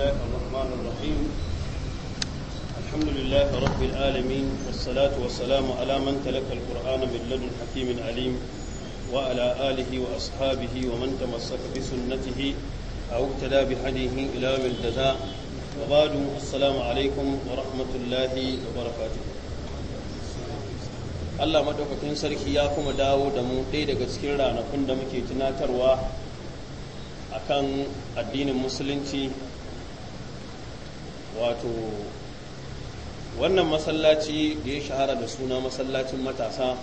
الله الرحمن الرحيم الحمد لله رب العالمين والصلاة والسلام على من تلقى القرآن من لدن حكيم عليم وعلى آله وأصحابه ومن تمسك بسنته أو اقتدى بهديه إلى من جزاء وبعد السلام عليكم ورحمة الله وبركاته Allah madaukakin sarki ya kuma dawo da mu ɗaya daga cikin ranakun da muke tunatarwa akan addinin musulunci wato wannan masallaci da ya shahara da suna masallacin matasa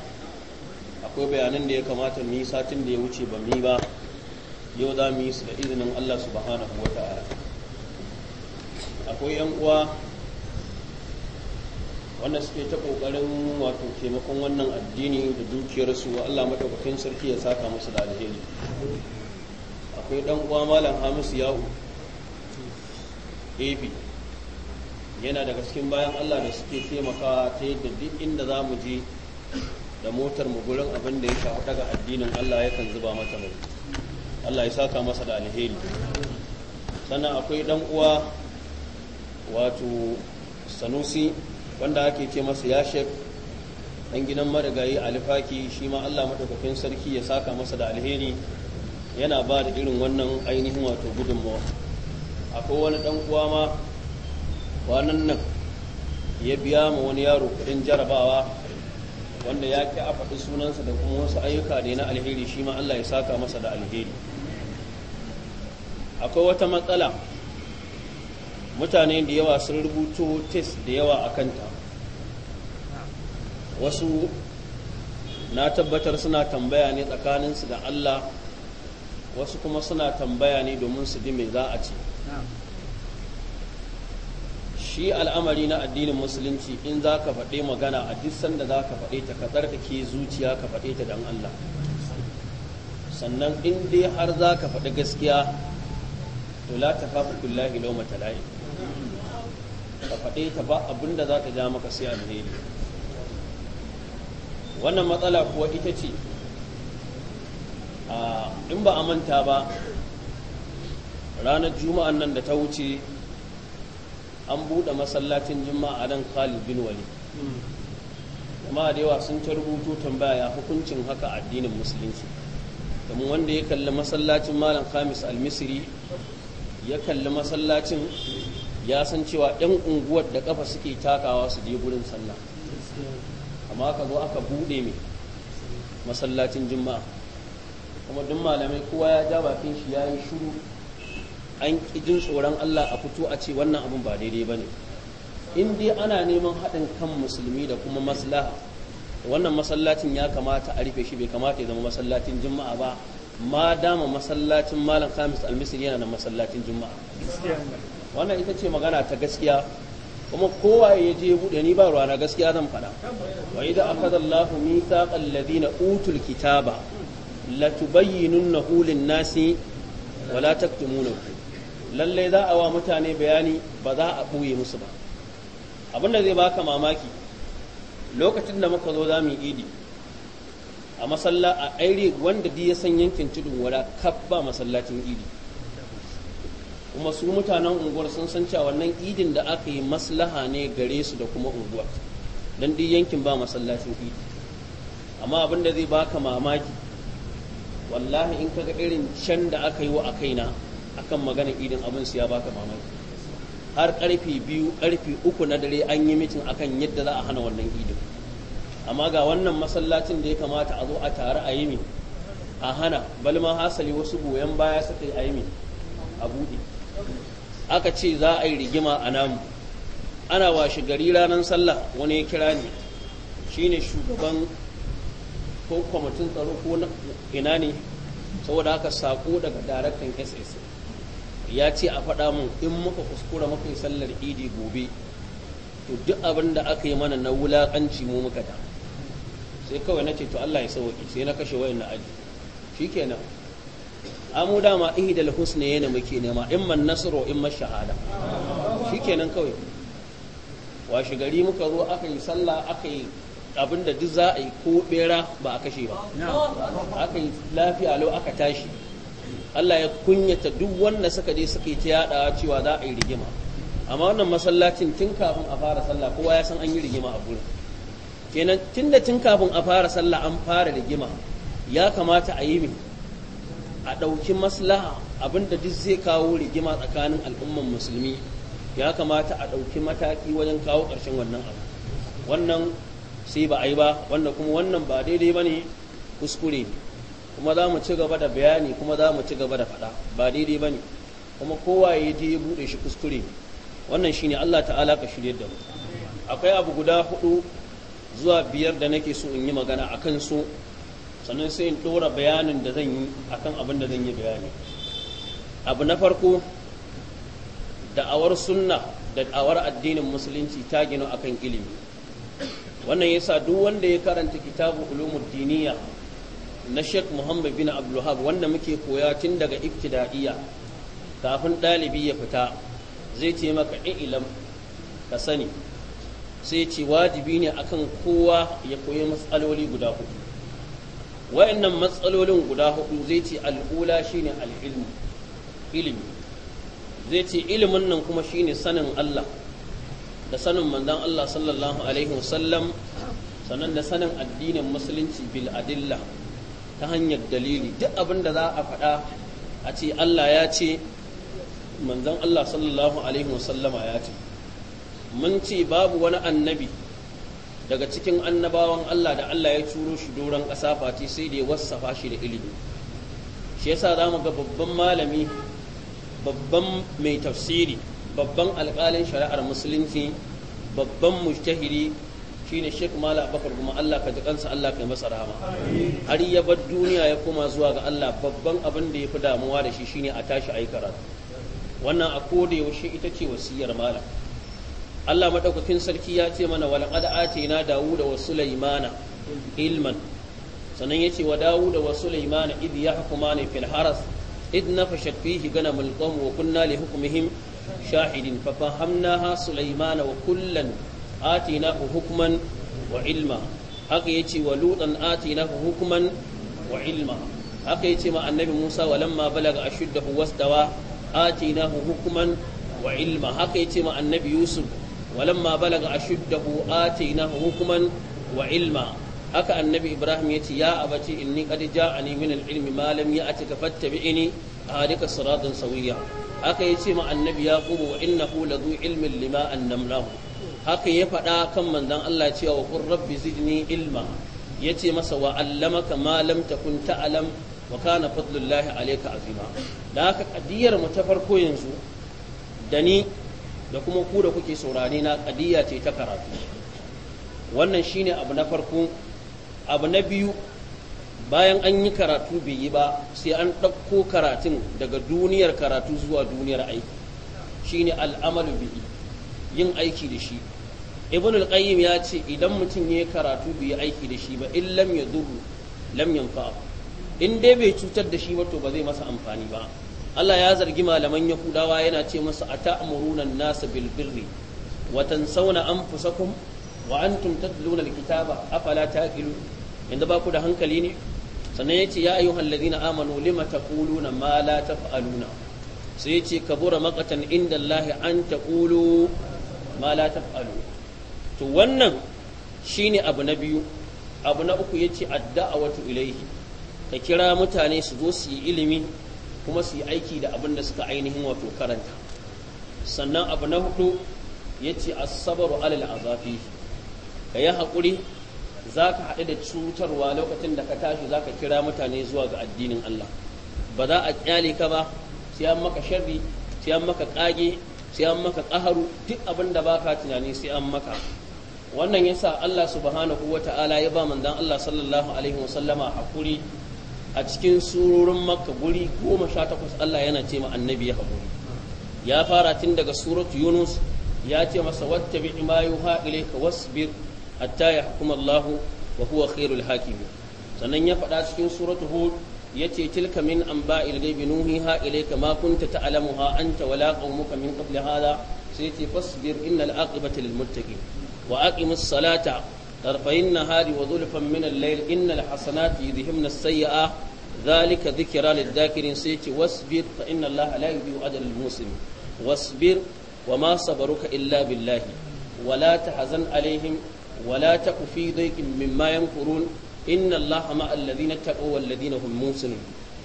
akwai bayanan da ya kamata mu satin da ya wuce ba mu yi ba yau za mu yi su da izinin Allah subhanahu wa ta'ala akwai yan uwa wanda suke ta kokarin wato taimakon wannan addini da dukiyarsu wa Allah madaukakin sarki ya saka musu da alheri akwai dan uwa malam Hamisu Yawo AB yana daga cikin bayan Allah da suke taimakawa ta yadda duk inda za mu je da motar mu gurin abin da ya shafi daga addinin Allah ya kan zuba mata mai Allah ya saka masa da alheri sannan akwai dan uwa wato sanusi wanda ake ce masa ya shef dan gidan marigayi alifaki shi ma Allah madaukakin sarki ya saka masa da alheri yana ba da irin wannan ainihin wato gudunmawa akwai wani dan uwa ma kwanan nan ya biya ma wani yaro kudin jarabawa wanda ya ki a faɗi sunansa da kuma wasu ayyuka da na alheri shi ma Allah ya saka masa da alheri akwai wata matsala mutane da yawa sun rubuto test da yawa a kanta wasu na tabbatar suna tambaya ne tsakaninsu da Allah wasu kuma suna tambaya ne domin su ji mai za a ce shi al'amari na addinin musulunci in za ka faɗe magana a duk sanda za ka faɗe ta ka tsarkake zuciya ka faɗe ta don Allah sannan in dai har za ka faɗi gaskiya to la ta fafi kullahi lau matala'i ka faɗe ta ba abin da za ta ja maka sai alheri wannan matsala kuwa ita ce in ba a manta ba ranar juma'an nan da ta wuce an buɗe masallacin juma'a nan khalid bin wali amma da yawa sun ta rubutu tambaya ya hukuncin haka addinin musulunci kamar wanda ya kalli masallacin malam khamis almisiri ya kalli masallacin ya san cewa yan unguwar da kafa suke takawa su je gurin sallah amma aka zo aka buɗe mai masallacin juma'a kuma duk malamai kowa ya ja bakin shi ya yi shuru an jin tsoron Allah a fito a ce wannan abun ba daidai ba ne in dai ana neman haɗin kan musulmi da kuma maslaha wannan masallacin ya kamata a rufe shi bai kamata ya zama masallacin juma'a ba ma dama masallacin malam khamis almisir yana nan masallacin juma'a wannan ita ce magana ta gaskiya kuma kowa ya je buɗe ni ba ruwana gaskiya zan faɗa wa idza akhadha Allahu mithaqal ladina utul kitaba latubayyinunnahu lin-nasi wala taktumunahu lalle za a wa mutane bayani ba za a ɓoye musu ba abin da zai baka mamaki lokacin da muka zo za mu idi a masalla a aire wanda ya san yankin tudun wada kaf ba masallacin idi kuma su mutanen unguwar sun san cewa wannan idin da aka yi maslaha ne gare su da kuma unguwar don duk yankin ba masallacin idi amma abin da zai baka mamaki wallahi in kaga irin can da aka yi wa a kaina akan magana idin abin su ya baka mamaki har karfe biyu karfe uku na dare an yi mitin akan yadda za a hana wannan idin amma ga wannan masallacin da ya kamata a zo a tare a yi a hana balma hasali wasu goyon baya suka yi a yi a buɗe aka ce za a yi rigima a namu ana washe gari ranar sallah wani ya kira ne shine shugaban ko kwamitin tsaro ko ina ne saboda haka sako daga daraktan ss ya ce a faɗa mun in muka kuskura muka yi sallar idi gobe to duk abin da aka yi mana na wulaƙanci mu muka da sai kawai na ce to Allah ya sauki sai na kashe wayan na aji shi shikenan amu dama lahus ne yana muke nema in man nasiru in man shahada shi nan kawai washe gari muka zo aka yi sallah aka yi abin da duk za a yi ko bera ba a kashe ba aka yi lafiya lau aka tashi Allah ya kunyata duk wanda suka je suka ta yaɗawa cewa za a yi rigima amma wannan masallacin tun kafin a fara sallah kowa ya san an yi rigima a gurin kenan tun da tun kafin a fara sallah an fara rigima ya kamata a yi min a ɗauki maslaha abinda duk zai kawo rigima tsakanin al'umman musulmi ya kamata a ɗauki mataki wajen kawo ƙarshen wannan abu wannan sai ba a yi ba wanda kuma wannan ba daidai ba ne kuskure ne kuma za mu ci gaba da bayani kuma za mu ci gaba da faɗa ba daidai ba ne kuma kowa ya je ya buɗe shi kuskure wannan shine Allah ta'ala ka shirye da mu akwai abu guda hudu zuwa biyar da nake so in yi magana a kan so sannan sai in ɗora bayanin da zan yi a kan abin da zan yi bayani abu na farko da'awar sunna da da'awar addinin musulunci ta gino akan ilimi wannan yasa duk wanda ya karanta kitabu ulumuddiniya na Sheikh Muhammad bin Abdulhab wanda muke koya tun daga ibtida'iyya kafin ɗalibi ya fita zai ce maka ilam ka sani sai ce wajibi ne akan kowa ya koyi matsaloli guda hudu wa'annan matsalolin guda hudu zai ce al'ula shine al'ilmu ilimi zai ce ilimin nan kuma shine sanin Allah da sanin manzon Allah sallallahu alaihi wasallam sannan da sanin addinin musulunci bil adillah ta hanyar dalili duk abin da za a faɗa a ce Allah ya ce manzan Allah sallallahu alaihi wasallama ya ce mun ce babu wani annabi daga cikin annabawan Allah da Allah ya turo shi doron ƙasa fati sai da ya wassafa shi da ilimi shi yasa za mu ga babban malami babban mai tafsiri babban alƙalin shari'ar musulunci babban mujtahiri shine Sheikh Mala Abubakar kuma Allah ka ji kansa Allah ka masa rahama har ya bar duniya ya koma zuwa ga Allah babban abin da ya fi damuwa da shi shine a tashi ayi karatu wannan a koda yaushe ita ce wasiyar malam Allah madaukakin sarki ya ce mana walaqad atina Dawuda wa Sulaimana ilman sannan yace wa Dawuda wa Sulaimana id yahkumani fil haras id nafashat fihi ganamul qawm wa kunna li hukmihim shahidin fa fahamnaha Sulaimana wa kullan atinahu hukman wa ilma haka yace wa lutan atinahu hukman wa ilma haka yace ma annabi Musa walamma balaga ashuddahu wastawa atinahu hukman wa ilma haka yace ma annabi Yusuf walamma balaga ashuddahu atinahu hukman wa ilma haka annabi Ibrahim ya yace ya abati inni qad ja'ani min al-ilmi ma lam ya'tika fattabi'ini ahdika siratan sawiya haka yace ma annabi Yaqub wa innahu ladu ilmin lima annamlahu haka ya faɗa kan manzon Allah cewa qur rabbi zidni ilma yace masa wa allamaka ma lam takun ta'lam wa kana fadlullahi alayka azima da haka kadiyar mu ta farko yanzu da ni da kuma ku da kuke saurani na kadiya ce ta karatu wannan shine abu na farko abu na biyu bayan an yi karatu bai yi ba sai an ɗauko karatun daga duniyar karatu zuwa duniyar aiki shine al'amalu bihi yin aiki da shi ibn al-qayyim ya ce idan mutum ya karatu bai aiki da shi ba in lam yadurru lam yanfa in dai bai cutar da shi ba to ba zai masa amfani ba Allah ya zargi malaman Yahudawa yana ce musu ata'muruna an-nasa bil birri wa tansawna anfusakum wa antum tatluna al-kitaba afala taqilu inda ba ku da hankali ne sannan yace ya ayyuhal ladina amanu lima taquluna ma la taf'aluna sai yace kabura maqatan inda Allah an taqulu ma la taf'aluna to wannan shine abu na biyu abu na uku ya yace wata ilaihi ka kira mutane su zo su yi ilimi kuma su yi aiki da abin da suka ainihin wato karanta sannan abu na hudu yace as-sabru alal azafi ka yi haƙuri za ka haɗu da cutarwa lokacin da ka tashi za ka kira mutane zuwa ga addinin Allah ba za a ƙyale ka ba sai an maka sharri sai an maka ƙage sai an maka ƙaharu duk abin da baka tunani sai an maka wannan yasa Allah subhanahu wata'ala ya ba manzon Allah sallallahu alaihi wasallama hakuri a cikin surorin makka guri goma sha takwas Allah yana ce ma annabi ya haƙuri. ya fara tun daga surat yunus ya ce masa wattabi ma yuha ilayka wasbir hatta yahkum Allah wa huwa khairul hakim sannan ya faɗa cikin surat hud yace tilka min anba'il ghaibi nuhiha ilayka ma kunta ta'lamuha anta wala qaumuka min qabli hadha sai yace fasbir innal aqibata lil muttaqin وأقم الصلاة طرفي النهار وذلفا من الليل إن الحسنات يذهبن السيئة ذلك ذكرى للذاكرين سيتي واصبر فإن الله لا يضيع أجر المسلم واصبر وما صبرك إلا بالله ولا تحزن عليهم ولا تك في ضيق مما يمكرون إن الله مع الذين اتقوا والذين هم موسنون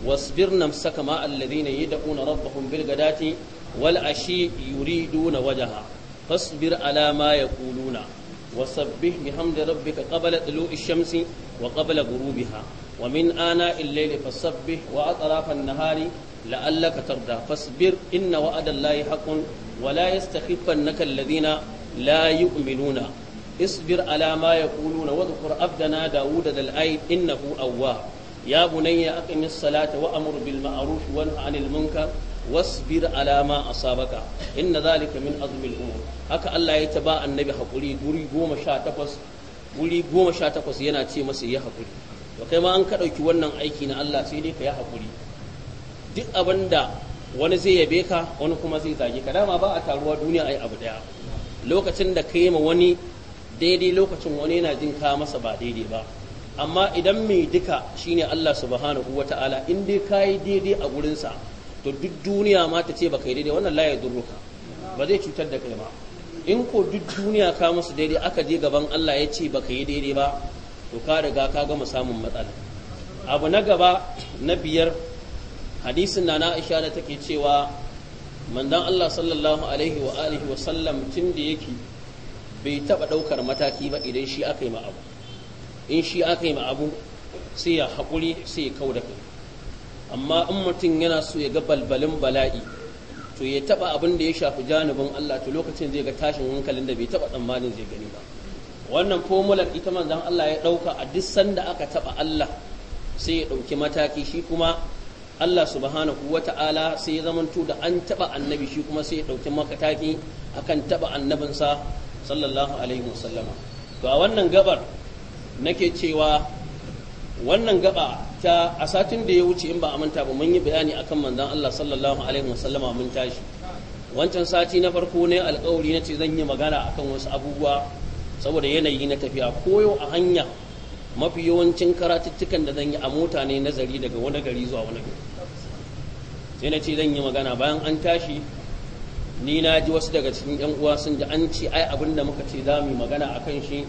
واصبر نفسك مع الذين يدعون ربهم بالغداة والعشي يريدون وجهه fasbir ala ma yaquluna wasabbih bihamdi rabbika qabla tulu'i shamsi wa qabla ghurubiha wa min ana al-layli fasabbih wa atrafa an-nahari la'allaka tarda fasbir inna wa'ada allahi haqqun wa la yastakhifannaka alladhina la yu'minuna اصبر على ما يقولون واذكر عبدنا داود ذا الأيد إنه أواه يا بني أقم الصلاة وأمر بالمعروف وانه عن المنكر wasu wasbir alama a asabaka za zalika min azumin umur haka Allah ya ta taba annabi hakuri guri 18 guri 18 yana ce masa ya yi hakuri to kai ma an ka dauki wannan aiki na Allah sai dai ka ya hakuri duk abinda wani zai yabe ka wani kuma zai zage ka dama ba taruwa duniya ayi abu daya lokacin da ka yi ma wani daidai lokacin wani yana jin ka masa ba daidai ba amma idan mai duka shine Allah subhanahu wata'ala in dai ka yi daidai a gurinsa to duk duniya ma ta ce baka yi daidai wannan layi ya durruka ba zai cutar da kai ba in ko duk duniya ka musu daidai aka je gaban Allah ya ce baka yi daidai ba to ka riga ka gama samun matsala abu na gaba na biyar hadisin na na aisha da take cewa manzon Allah sallallahu alaihi wa alihi wa sallam tun da yake bai taba daukar mataki ba idan shi aka yi ma abu in shi aka yi ma abu sai ya haƙuri sai ya kau kai amma in mutum yana so ya ga balbalin bala'i to ya taba abin da ya shafi janibin Allah to lokacin zai ga tashin hankalin da bai taba tsammanin zai gani ba wannan fomular ita manzon Allah ya dauka a duk sanda aka taba Allah sai ya dauki mataki shi kuma Allah subhanahu wata'ala sai ya zamanto da an taba annabi shi kuma sai ya dauki mataki akan taba sa sallallahu alaihi wasallama to a wannan gabar nake cewa wannan gaba ta a satin da ya wuce in ba a manta ba mun yi bayani akan manzon Allah sallallahu alaihi wasallama mun tashi wancan sati na farko ne alƙawari na ce zan yi magana akan wasu abubuwa saboda yanayi na tafiya koyo a hanya mafi yawancin karatuttukan da zan yi a mota ne nazari daga wani gari zuwa wani gari sai na ce zan yi magana bayan an tashi ni na ji wasu daga cikin yan uwa sun ji an ce ai abin da muka ce za mu yi magana akan shi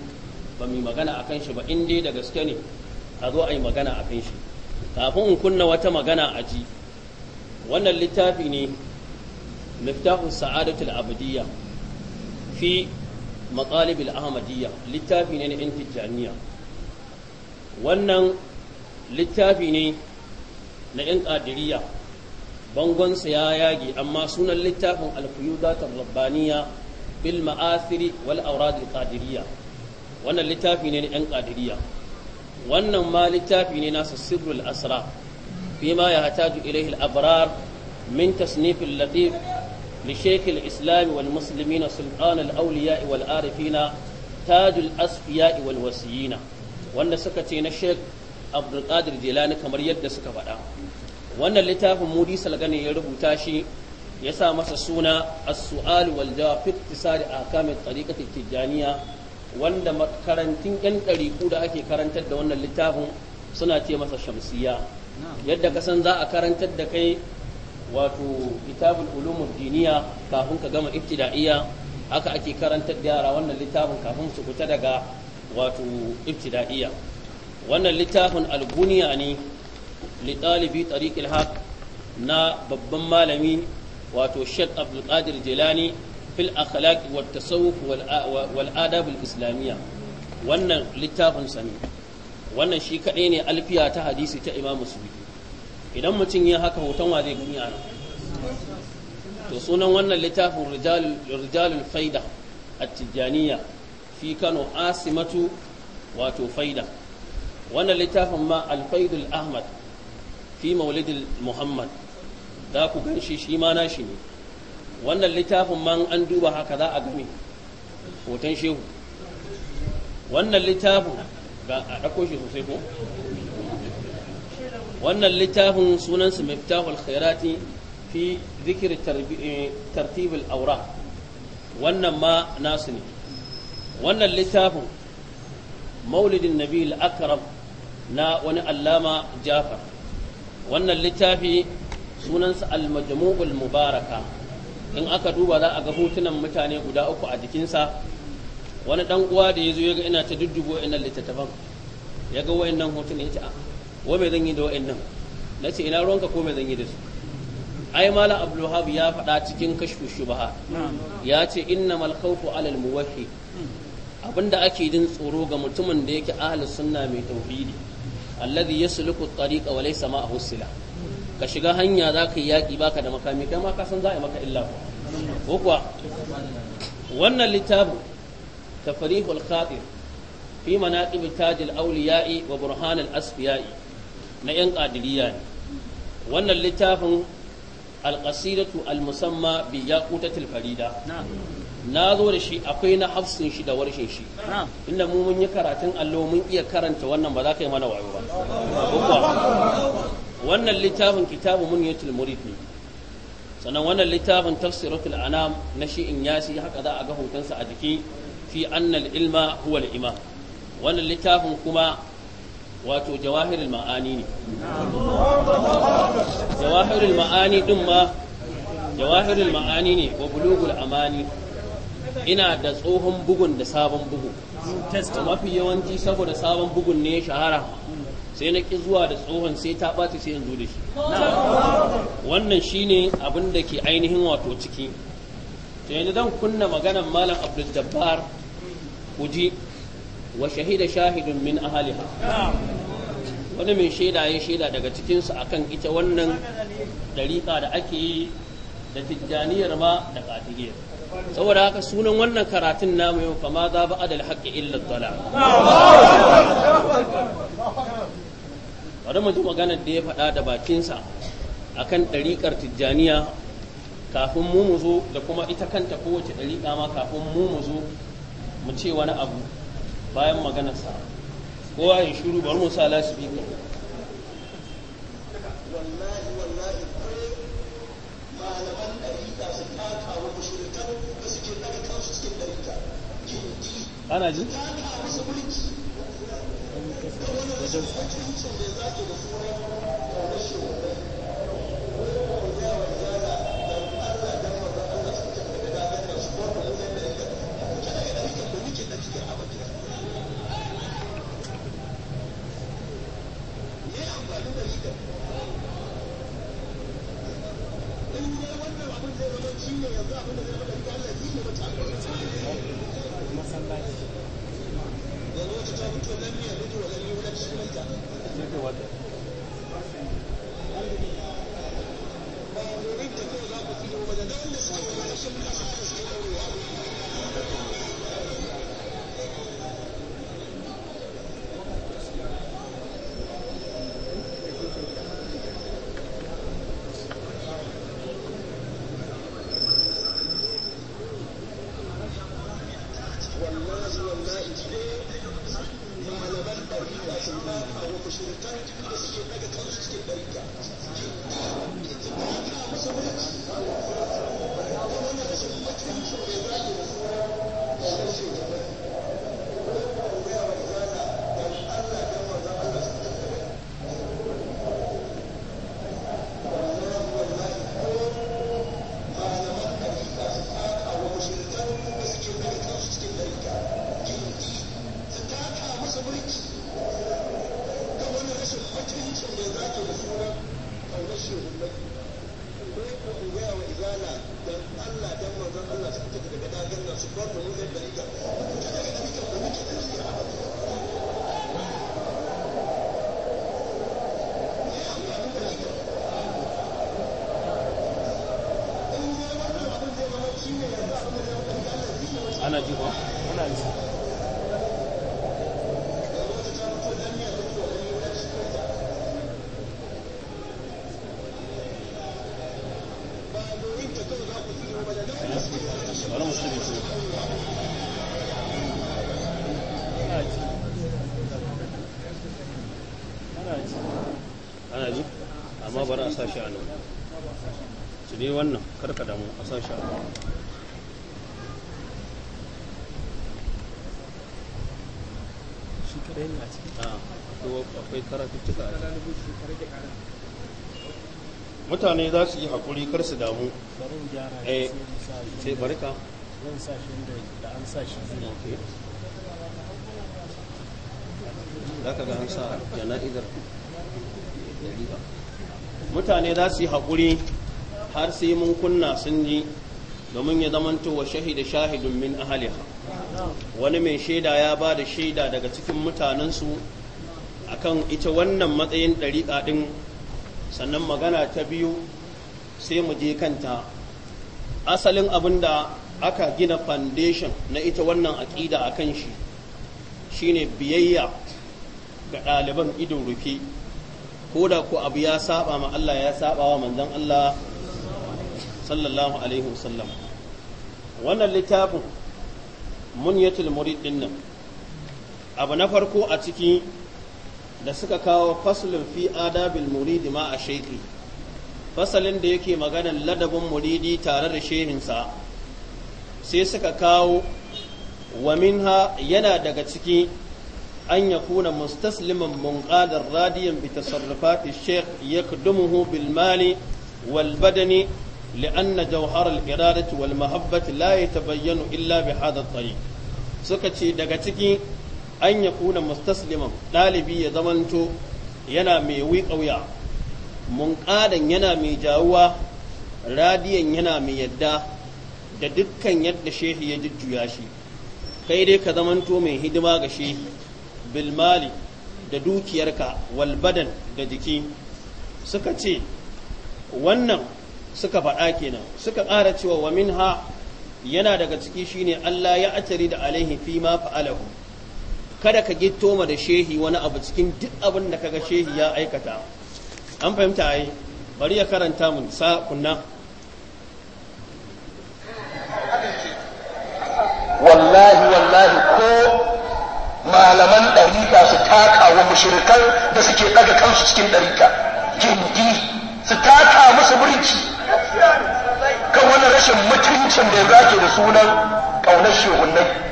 ba mu yi magana akan shi ba in dai da gaske ne a zo a yi magana a kan shi kafin in kunna wata magana a ji wannan littafi ne miftahu sa'adatul abdiyya fi matsalibil ahmadiyya littafi ne na yan tijjaniya wannan littafi ne na yan ƙadiriya bangonsa ya yage amma sunan littafin alfuyudatar rabbaniya bil ma'asiri wal auradil qadiriyya wannan littafi ne na yan ƙadiriya wannan ma littafi ne nasa sirrul asra fi ma ya hataju ilayhi al-abrar min tasnifil latif li shaykh al-islam wal muslimina sultan al-awliya wal arifina tajul asfiya wal wasiyina wanda suka ce na shek abdul qadir jilani kamar yadda suka faɗa wannan littafin mudi ne ya rubuta shi ya sa masa suna as-su'al wal jawab fi iktisari ahkam at-tariqati at wanda makarantun yan ɗariku da ake karantar da wannan littafin suna ce masa shamsiya yadda ka san za a karantar da kai wato littafin ulumul duniya kafin ka gama ibtida'iyya haka ake karantar da yara wannan littafin kafin su fita daga wato ibtida'iyya wannan littafin alguniya ne li talibi tariqil na babban malami wato Sheikh Abdul Qadir Jilani fil akhlaq wat tasawuf wal adab al islamiyya wannan littafin sa ne wannan shi kadai ne alfiya ta hadisi ta imam musulmi idan mutum ya haka hoton wa zai gani ana to sunan wannan littafin rijalul faida at-tijaniyya fi Kano asimatu wato faida wannan littafin ma al-faidul ahmad fi maulidil muhammad da ku ganshi shi ma nashi ne wannan littafin man an duba haka za a gami hoton shehu wannan littafin ga a ɗauko shi sosai ko wannan littafin sunansu miftahul khairati fi zikir eh, tartibul aura wannan ma nasu ne wannan littafin maulidin nabi al'akaram na wani allama jafar wannan littafi sunansa al-majmu'ul mubaraka in aka duba za a ga hotunan mutane guda uku a jikinsa wani dan uwa da ya zo ya ga ina ta duddubo ina littattafan ya ga wayannan hotunan ya ce ah, wa mai zan yi da wayannan na ce ina ruwanka ko mai zan yi da su ai mala abdulhab ya faɗa cikin kashfu shubaha ya ce innamal khawfu alal muwahhid abinda ake jin tsoro ga mutumin da yake ahlus sunna mai tauhidi alladhi yasluku at-tariqa wa laysa ma'ahu silah ka shiga hanya za ka yi yaƙi baka da makami kai ma ka san za a yi maka illa ko kuwa wannan littafin tafarihul khatir fi manaqib tajil awliya'i wa burhan asfiya'i na yan qadiriyya ne wannan littafin alƙasidatu almusamma bi yaqutatil farida na zo da shi akwai na hafsin shi da warshin shi inda mu mun yi karatun allo mun iya karanta wannan ba za ka yi mana wayo ba wannan littafin kitabu mun yatul murid ne sannan wannan littafin tafsiratul anam na shi'in yasi haka za a ga hotonsa a jiki fi annal ilma huwa al wannan littafin kuma wato jawahirul ma'ani ne jawahirul ma'ani din ma jawahirul ma'ani ne wa bulugul amani ina da tsohon bugun da sabon bugu mafi yawanci saboda sabon bugun ne shahara sai na ƙi zuwa da tsohon sai ta bata sai yanzu da shi wannan shine abin da ke ainihin wato ciki to yanzu zan kunna maganan malam abdul jabbar ku ji wa shahida shahidun min ahaliha wani mai shaida ya shaida daga cikinsu akan ita wannan ɗariƙa da ake yi da tijjaniyar ma da ƙadiriyar saboda haka sunan wannan karatun namu yau kama za ba adal haƙƙi illa dala bari mu ji maganar da ya faɗa da bakinsa a kan ɗariƙar tijjaniya kafin mu mu zo da kuma ita kanta kowace ɗariƙa ma kafin mu mu zo mu ce wani abu bayan maganarsa kowa ya shiru bari mu sa lasibi wallahi ana ji? Thank you. ana ji ba ana ji akwai karatuttuka mutane za su yi haƙuri kar su damu eh, mutane za su yi haƙuri har sai mun kunna sun ji domin ya zamanto wa shahida shahidun min ahaliha wani mai shaida ya ba da shaida daga cikin mutanensu akan ita wannan matsayin ɗariƙa ɗin sannan magana ta biyu sai mu je kanta asalin abin da aka gina foundation na ita wannan aƙida a kan shi shine biyayya ga ɗaliban idon rufe ko da ku abu ya saba ma Allah ya saba wa manzon Allah sallallahu alaihi wasallam wannan littafin munyatul murid din nan abu na farko a ciki da suka kawo faslun fi adabil muridi ma a sheki fasalin da yake maganan ladabin muridi tare da shehinsa sai suka kawo wa minha yana daga ciki an ya kuna mustasliman munqadar radiyan bi tasarrufati sheikh yakdumuhu bil mali wal badani لأن جوهر الإرادة والمحبة لا يتبين إلا بهذا الطريق suka ce daga ciki an ya kuna mustasliman ɗalibi ya zamanto yana mai ƙauya munƙadan yana mai jawuwa radiyan yana mai yadda da dukkan yadda shehi ya jujjuya shi kai dai ka zamanto mai hidima ga shehi bilmali da dukiyarka walbadan da jiki suka ce wannan suka faɗa kenan suka ƙara cewa wa minha yana daga ciki shine Allah ya atari da alaihi fi ma fa'alahu kada ka gitto ma da shehi wani abu cikin duk abin da kaga shehi ya aikata an fahimta ai bari ya karanta mun sa kunna wallahi wallahi ko malaman ɗarika su taka wa mushrikan da suke ɗaga kansu cikin ɗarika gindi su taka musu birki kan wani rashin mutuncin da ya zake da sunan ƙaunar shehunai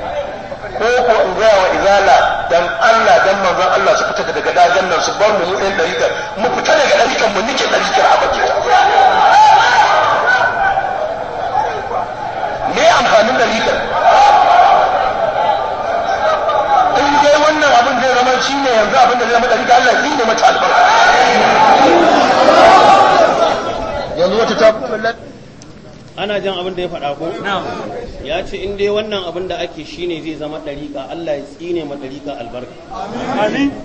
ko ko in gaya wa izala dan Allah dan manzon Allah su fita daga dajan nan su bar mu mu ɗan ɗarikar mu fita daga ɗarikar mu nike ɗarikar a bakin me amfanin ɗarikar in dai wannan abin zai zama shi ne yanzu abin da zai zama ɗarikar Allah shi ne mata albarka yanzu wata ta ana jan abin da ya faɗa ko ya ce in dai wannan abin da ake shi ne zai zama ɗariƙa Allah ya tsine ma ɗariƙa albarka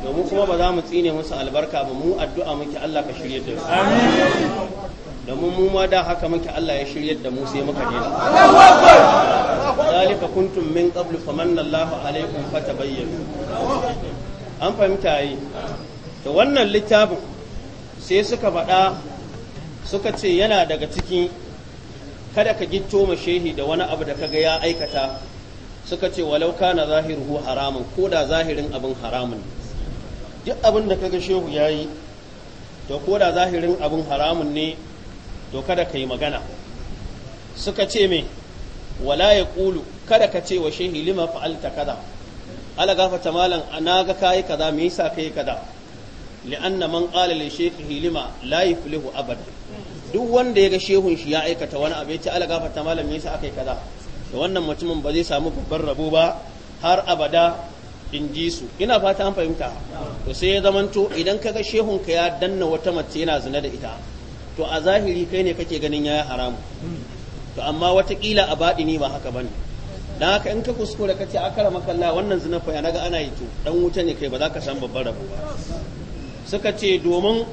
domin kuma ba za mu tsine musu albarka ba mu addu'a muke Allah ka shirya da su domin mu ma da haka muke Allah ya shirya da mu sai muka ne zalika kuntum min qablu famanna Allahu alaikum fatabayyanu an fahimta yi to wannan littafin sai suka faɗa suka ce yana daga cikin kada ka gitto ma shehi da wani abu da kaga ya aikata suka ce walau kana zahiruhu haramun ko da zahirin abin haramun ne duk abin da kaga shehu ya yi to ko da zahirin abin haramun ne to kada ka yi magana suka ce me wala ya ƙulu kada ka ce wa shehi lima fa'alta kaza ala gafata malam ana ga kayi kaza me yasa kai kaza li'anna man qala li shaykhihi lima la yuflihu abada duk wanda ya ga shehun shi ya aikata wani abu ya ce alagafata malam yasa aka yi kaza da wannan mutumin ba zai samu babban rabo ba har abada in ji su ina fata an fahimta to sai ya zamanto idan kaga shehun ka ya danna wata mace yana zina da ita to a zahiri kai ne kake ganin yayi haramu to amma watakila a baɗi ne ba haka bane dan haka in ka kuskure ka ce akara makalla wannan zina fa naga ana yi to dan wuta ne kai ba za ka san babban rabo ba suka ce domin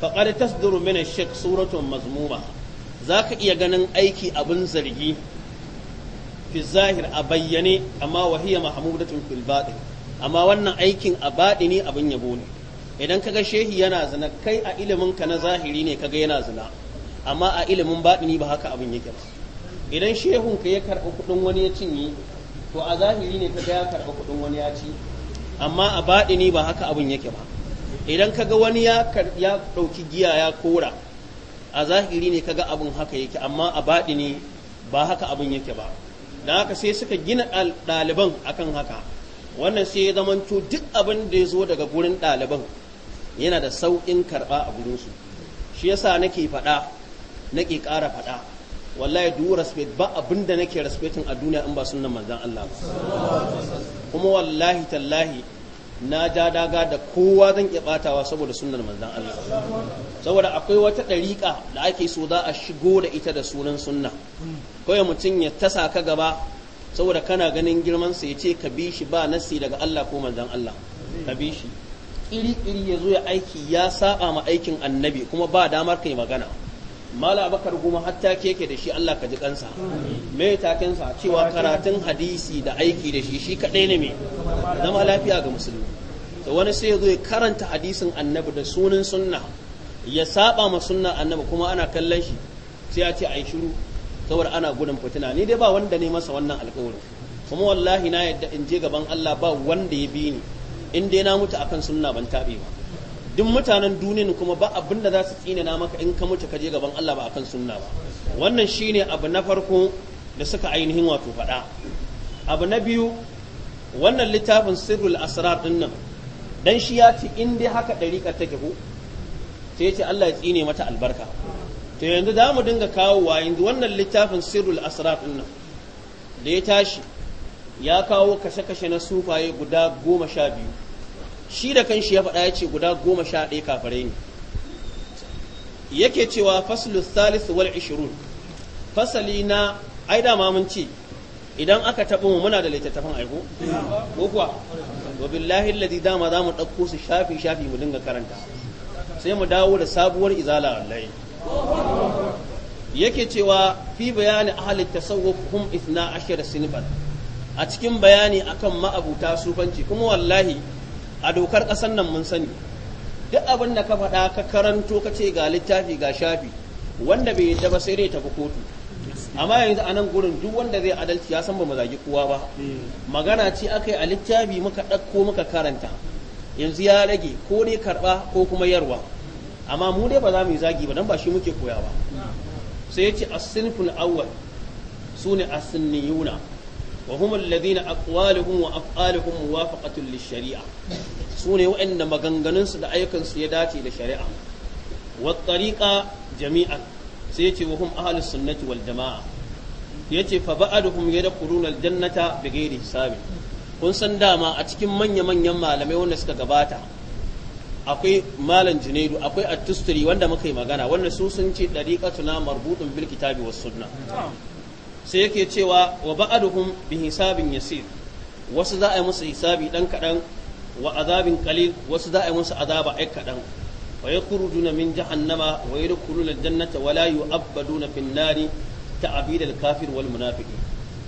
Faƙar tasduru min shek suratun mazmuma zaka iya ganin aiki abin zargi fi zahir a bayyane amma wahiya mahmudatun fil batin amma wannan aikin a ne abin yabo ne idan kaga shehi yana zina kai a ilimin ka na zahiri ne kaga yana zina amma a ilimin baɗini ba haka abin yake ba idan shehun ka ya karɓi kuɗin wani ya cinye to a zahiri ne kaga ya karɓi kuɗin wani ya ci amma a baɗini ba haka abin yake ba idan kaga wani ya ya dauki giya ya kora a zahiri ne kaga abin haka yake amma a baɗi ne ba haka abin yake ba da haka sai suka gina ɗaliban akan haka wannan sai ya zamanto duk abin da ya zo daga gurin ɗaliban yana da sauƙin karɓa a gurinsu shi yasa nake faɗa nake ƙara faɗa wallahi duk respect ba abin da nake respecting a duniya in ba sunan manzon Allah kuma wallahi tallahi na ja daga da kowa zan iya batawa saboda sunnar manzan Allah saboda akwai wata ɗariƙa da ake so za a shigo da ita da sunan sunna kawai mutum ya tasa ka gaba saboda kana ganin girman sa ce ka bi shi ba nasi daga Allah ko manzan Allah ka bi shi ƙiri iri ya zo ya aiki ya saba ma aikin annabi kuma ba damar ka yi magana mala bakar kuma hatta keke da shi Allah ka ji kansa me takensa cewa karatun hadisi da aiki da shi shi kadai ne me zama lafiya ga musulmi to wani sai ya zo ya karanta hadisin annabi da sunan sunna ya saba ma sunna annabi kuma ana kallon shi sai ya ce ai shiru saboda ana gudun fitina ni dai ba wanda ne masa wannan alƙawarin kuma wallahi na yadda in je gaban Allah ba wanda ya bi ni in dai na mutu akan sunna ban tabe ba duk mutanen duniyan kuma ba abin da za su tsinana maka in ka mutu ka je gaban Allah ba akan sunna ba wannan shine abu na farko da suka ainihin wato faɗa abu na biyu wannan littafin sirrul asrar din nan dan shi ya ci in dai haka ɗariƙar take ko sai ce Allah ya tsine mata albarka to yanzu za mu dinga kawo wa yanzu wannan littafin sirrul asrar din nan da ya tashi ya kawo kashe-kashe na sufaye guda goma sha biyu shi da kanshi ya faɗa ya ce guda goma sha ɗaya kafare ne yake cewa faslu salisu wal ishirun fasali na ai dama mun ce idan aka taɓa mu muna da littattafan aiko ko kuwa wa billahi dama za mu ɗauko su shafi shafi mu dinga karanta sai mu dawo da sabuwar izala wallahi yake cewa fi bayani ahli tasawuf hum da sinfan a cikin bayani akan ma'abuta sufanci kuma wallahi a dokar ƙasar nan mun sani duk abin da ka faɗa ka karanto ka ce ga littafi ga shafi wanda bai yadda ba sai dai tafi kotu amma yanzu a nan gurin duk wanda zai adalci ya san ba mu zagi kowa ba magana ce aka yi a littafi muka ɗauko muka karanta yanzu ya rage ko dai karɓa ko kuma yarwa amma mu dai ba za mu yi zagi ba dan ba shi muke koya ba sai ya ce as-sinful awwal sune as-sinniyuna وهم الذين أقوالهم وأفعالهم موافقة للشريعة سوني وإن مغنغنن سدى أيكن سيداتي لشريعة والطريقة جميعا سيتي وهم أهل السنة والجماعة يتي فبعدهم يدخلون الجنة بغير حساب kun san dama a cikin manya-manyan malamai wanda suka gabata akwai malam junaidu akwai attusturi wanda muka yi magana wanda su sun ce dariƙatuna marbutun bil kitabi was sunna sai yake cewa wa ba'aduhum bi hisabin yasir wasu za a yi musu hisabi dan kadan wa azabin qalil wasu za a yi musu azaba ai kadan wa yakhrujuna min jahannama wa yadkhuluna jannata wa la yu'abbaduna fin nari al kafir wal munafiqi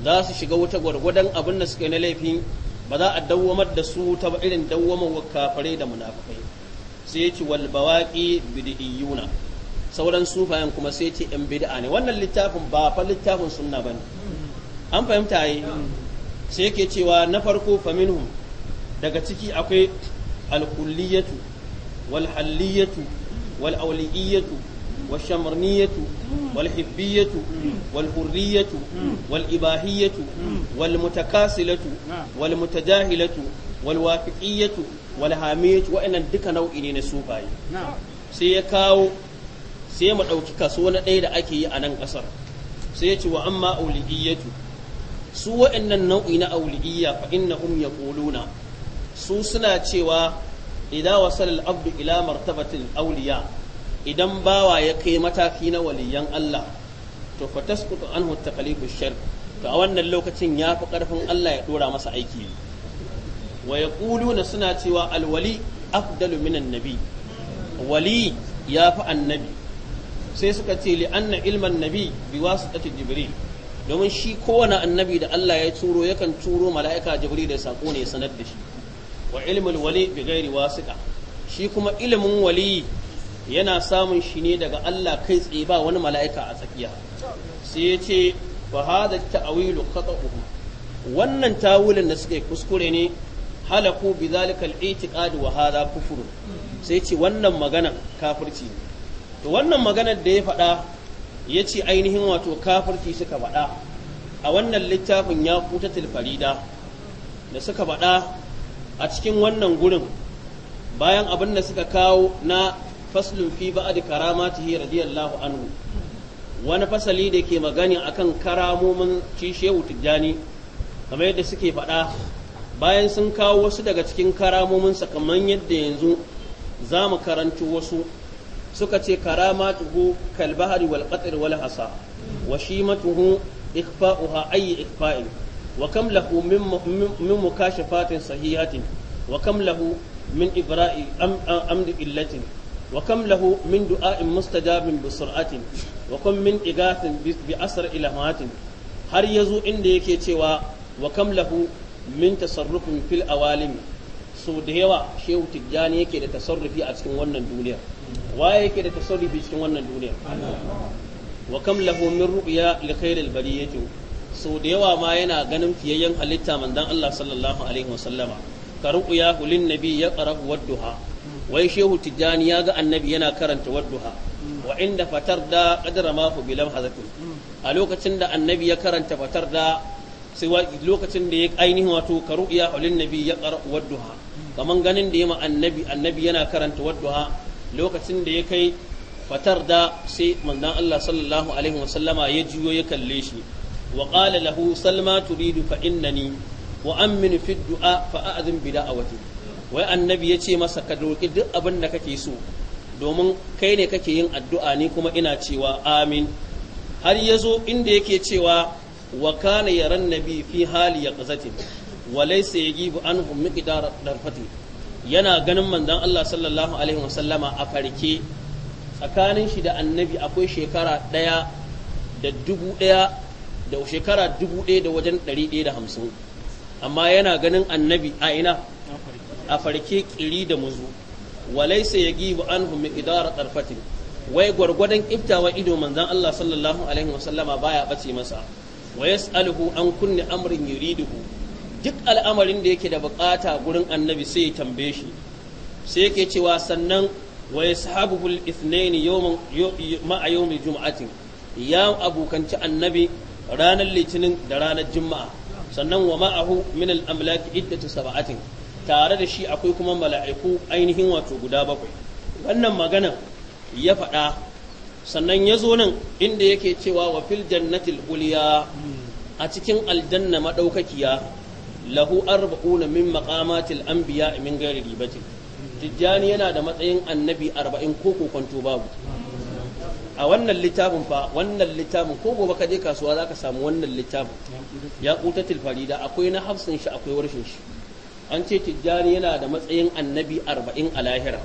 za su shiga wata gwargwadon abin da suka yi na laifi ba za a dawwamar da su ta irin dawwamar kafare da munafikai sai ya ci wal bawaqi bid'iyuna sauran sufayen kuma sai ce yan bid'a ne wannan littafin ba fa littafin sunna ne an fahimta yi sai yake cewa na farko faminhum daga ciki akwai alkulliyatu wal halliyatu wal auliyatu wal shamarniyatu wal hibbiyatu wal hurriyatu wal ibahiyatu wal mutakasilatu wal mutajahilatu wal wafiqiyatu wal hamiyatu wa'annan duka nau'i ne na sufaye sai ya kawo sai mu ɗauki kaso na ɗaya da ake yi a nan ƙasar sai ya wa amma auliyyatu su wa'annan nau'i na auliyya fa innahum yaquluna su suna cewa idan wasal abdu ila martabatil auliya idan bawa ya kai mataki na waliyan Allah to fa tasqutu anhu taqlibu shar to a wannan lokacin ya fi karfin Allah ya dora masa aiki wa yaquluna suna cewa alwali afdalu minan nabi wali ya fi annabi sai suka ce li anna ilman nabi bi wasitati jibril domin shi kowane annabi da Allah ya turo yakan turo mala'ika jibril da sako ne sanar da shi wa ilmul wali bi ghairi wasita shi kuma ilimin wali yana samun shi ne daga Allah kai tsaye ba wani mala'ika a tsakiya sai ya ce fa hada ta'awilu qata'uhu wannan tawulin da suka yi kuskure ne halaku bi zalika al-i'tiqad wa hada kufur sai ce wannan magana kafirci ne to wannan maganar da ya faɗa ya ce ainihin wato kafirci suka faɗa a wannan littafin ya kuta tilfarida da suka faɗa a cikin wannan gurin bayan abin da suka kawo na faslun fi ba'ad karamatihi radiyallahu anhu wani fasali da ke magani akan karamomin cishe tijjani kamar yadda suke faɗa bayan sun kawo wasu daga cikin karamominsa kamar yadda yanzu za mu karanto wasu suka ce karama tuhu kalbahari wal qatr wal hasa wa shimatuhu ikfa'uha ay ikfa'in wa kam lahu min mukashafatin sahihatin wa kam lahu min ibra'i amdi illatin wa kam lahu min du'a'in mustajabin bi sur'atin wa kam min igathin bi asr ilamatin har yazo inda yake cewa wa kam lahu min tasarrufin fil awalimi so da yawa shehu tijjani yake da tasarrufi a cikin wannan duniyar waye yake da tasarrufi cikin wannan duniya wa kam lahu min ru'ya li khairil bariyati so da yawa ma yana ganin fiyayyen halitta manzon Allah sallallahu alaihi wasallama ka ru'ya lin nabi wai shehu tijjani ya ga annabi yana karanta wa inda fatar da ma a lokacin da annabi ya karanta fatar da sai lokacin da ya ainihin wato ka ru'ya lin nabi kaman ganin da yima annabi annabi yana karanta duha lokacin da ya kai fatar da sai manzon Allah sallallahu alaihi sallama ya juyo ya kalle shi wa qala lahu salma turidu fa innani wa ammin fi du'a fa a'zim bi da'awati wai annabi ya ce masa ka roki duk abin da kake so domin kai ne kake yin addu'a ni kuma ina cewa amin har ya zo inda yake cewa wa kana yaran nabi fi hali yaqzatin wa laysa yajibu anhum miqdar darfatin yana ganin manzon Allah sallallahu alaihi wasallama a farke tsakanin shi da annabi akwai shekara ɗaya da dubu ɗaya da shekara dubu ɗaya da wajen ɗari ɗaya da hamsin amma yana ganin annabi a ina a farke ƙiri da muzu sai ya gibu an humi idara ƙarfati wai gwargwadon iftawa ido manzan Allah sallallahu alaihi wasallama baya ɓace masa wa yas'aluhu an kunni amrin yuriduhu duk al'amarin da yake da bukata gurin annabi sai ya tambaye shi sai yake cewa sannan wa yashabuhul ithnaini yawman a yawmil jum'atin ya abokanci annabi ranar litinin da ranar juma'a sannan wa ma'ahu min al-amlaki iddatu sab'atin tare da shi akwai kuma mala'iku ainihin wato guda bakwai wannan magana ya faɗa sannan ya zo nan inda yake cewa wa fil jannatil uliya a cikin aljanna madaukakiya lahu arba'una min maqamatil anbiya min ghairi ribatin tijjani yana da matsayin annabi arba'in ko kokonto babu a wannan littafin fa wannan littafin ko gobe ka je kasuwa zaka samu wannan littafin ya kutatil farida akwai na hafsin shi akwai warshin shi an ce tijjani yana da matsayin annabi arba'in a lahira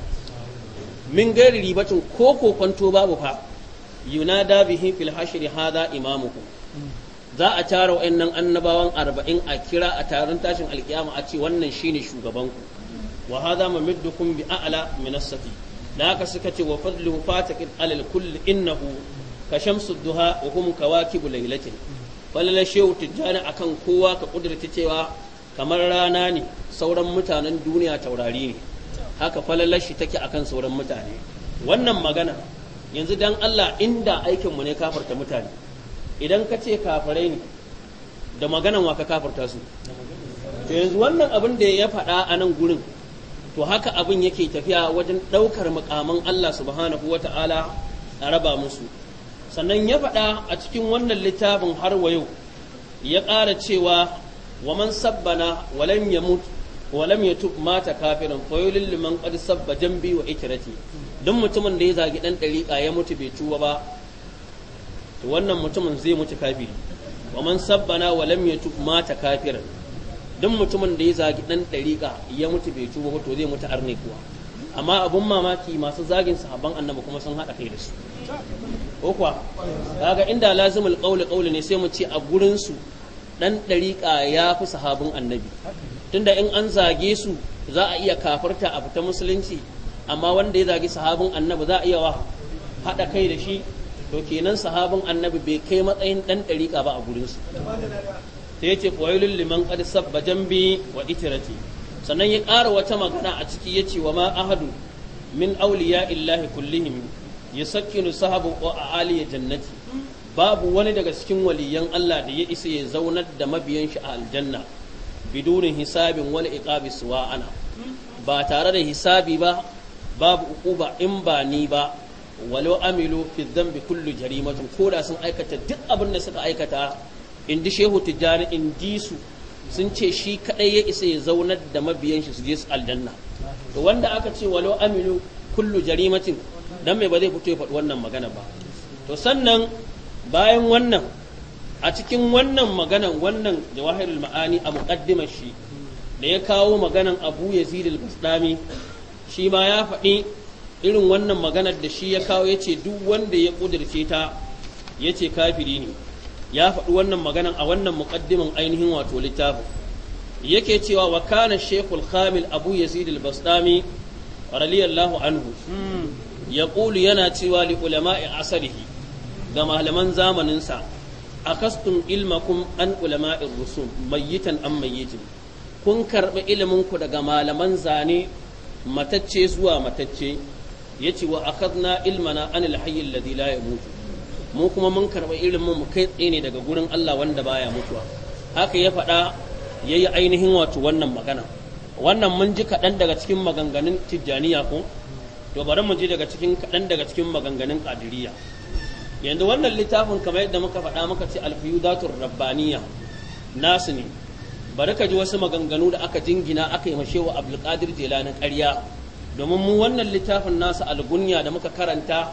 min gairi ribatin ko kokonto babu fa yunada bihi fil hashri hadha imamukum za a tara wa'annan annabawan arba'in a kira a taron tashin alkiyama a ce wannan shine shugabanku wa hadha mamiddukum bi a'la min as-safi da haka suka ce wa fadluhu fatakin alal kulli innahu ka shamsu duha wa hum kawakibu laylatin falala shehu tijjani akan kowa ka kudurta cewa kamar rana ne sauran mutanen duniya taurari ne haka falalar shi take akan sauran mutane wannan magana yanzu dan Allah inda aikinmu ne kafarta mutane idan ka ce kafirai ne da maganan wa ka kafarta su to yanzu wannan abin da ya faɗa a nan gurin to haka abin yake tafiya wajen ɗaukar mukaman Allah subhanahu wa ta'ala a raba musu sannan ya faɗa a cikin wannan littafin har wa yau ya ƙara cewa wa man sabbana walam yamut lam yatub mata kafirin yulil liman qad sabba jambi wa ikrati duk mutumin da ya zagi dan dariqa ya mutu bai tuba ba wannan mutumin zai mutu kafiri wa man sabbana wa lam yatu mata kafir duk mutumin da ya zagi dan dariƙa ya mutu bai tuba ba to zai mutu arne kuwa amma abun mamaki masu zagin sahabban annabi kuma sun hada kai da su ko kuwa kaga inda lazimul qawli qawli ne sai mu ce a gurin su dan dariƙa ya fi sahabin annabi tunda in an zage su za a iya kafarta a fita musulunci amma wanda ya zagi sahabin annabi za a iya wa haɗa kai da shi to kenan sahabin annabi bai kai matsayin dan dariƙa ba a gurin su sai yace qailul liman qad sabba jambi wa itrati sannan ya ƙara wata magana a ciki yace wa ma ahadu min awliya illahi kullihim yasakkinu sahabu wa aliya jannati babu wani daga cikin waliyan Allah da ya isa ya zaunar da mabiyan shi a aljanna bidurin hisabin wal iqabi suwa ana ba tare da hisabi ba babu uquba in ba ni ba walau amilu fi dhanbi kullu jarimatin ko da sun aikata duk abin da suka aikata in di shehu tijjani in su sun ce shi kadai ya isa ya zaunar da mabiyan shi su je su aljanna to wanda aka ce walau amilu kullu jarimatin dan mai ba zai fito ya faɗi wannan magana ba to sannan bayan wannan a cikin wannan maganan wannan jawahirul ma'ani a muqaddimar shi da ya kawo maganan Abu Yazid al-Bustami shi ma ya faɗi irin wannan maganar da shi ya kawo ya ce duk wanda ya ƙudurce ta ya ce kafiri ne ya faɗi wannan maganar a wannan muƙaddimin ainihin wato littafin yake cewa wa kana shekul khamil abu yazid al-bastami radiyallahu anhu ƙulu yana cewa li ulama'i asarihi ga malaman zamaninsa akastum ilmakum an ulama'in rusum mayyitan an mayyitin kun karɓi ilimin ku daga malaman zane matacce zuwa matacce ya ce wa akhadna ilmana anil hayy alladhi la yamut mu kuma mun karba ilimin mu kai tsaye ne daga gurin Allah wanda baya mutuwa haka ya faɗa yayi ainihin wato wannan magana wannan mun ji kaɗan daga cikin maganganun tijjaniya ko to bari mu ji daga cikin kaɗan daga cikin maganganun ƙadiriya yanzu wannan littafin kamar yadda muka faɗa muka ce alfiyudatur rabbaniya nasu ne bari ka ji wasu maganganu da aka jingina aka yi mashewa abdulkadir jela na ƙarya domin mu wannan littafin nasa algunya da muka karanta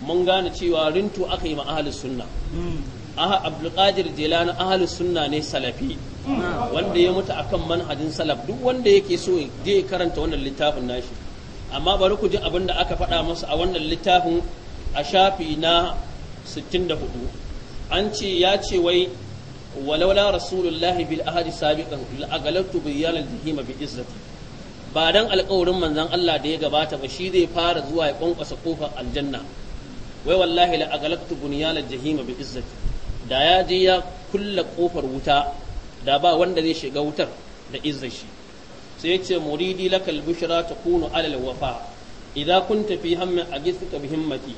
mun gane cewa rintu aka yi ma ahalus sunna hmm. abdulkadir jilani ahalus sunna ne salafi hmm. wanda ya mutu akan manhajin salaf duk wanda yake so je ya karanta wannan littafin nashi amma bari ku ji abin da aka faɗa masa a wannan littafin a shafi na 64 an ce ya ce wai walaula rasulullahi bil ahadi sabiqan la agalatu bi yalal jahima bi izzati ba dan alƙawarin manzon Allah da ya gabata ba shi zai fara zuwa ya kwankwasa kofar aljanna wai wallahi la aghlaqtu bunyanal jahima bi izzati da ya je ya kulla kofar wuta da ba wanda zai shiga wutar da izzar shi sai yace muridi lakal bushra takunu alal wafa idza kunta fi hammin ajisika bi himmati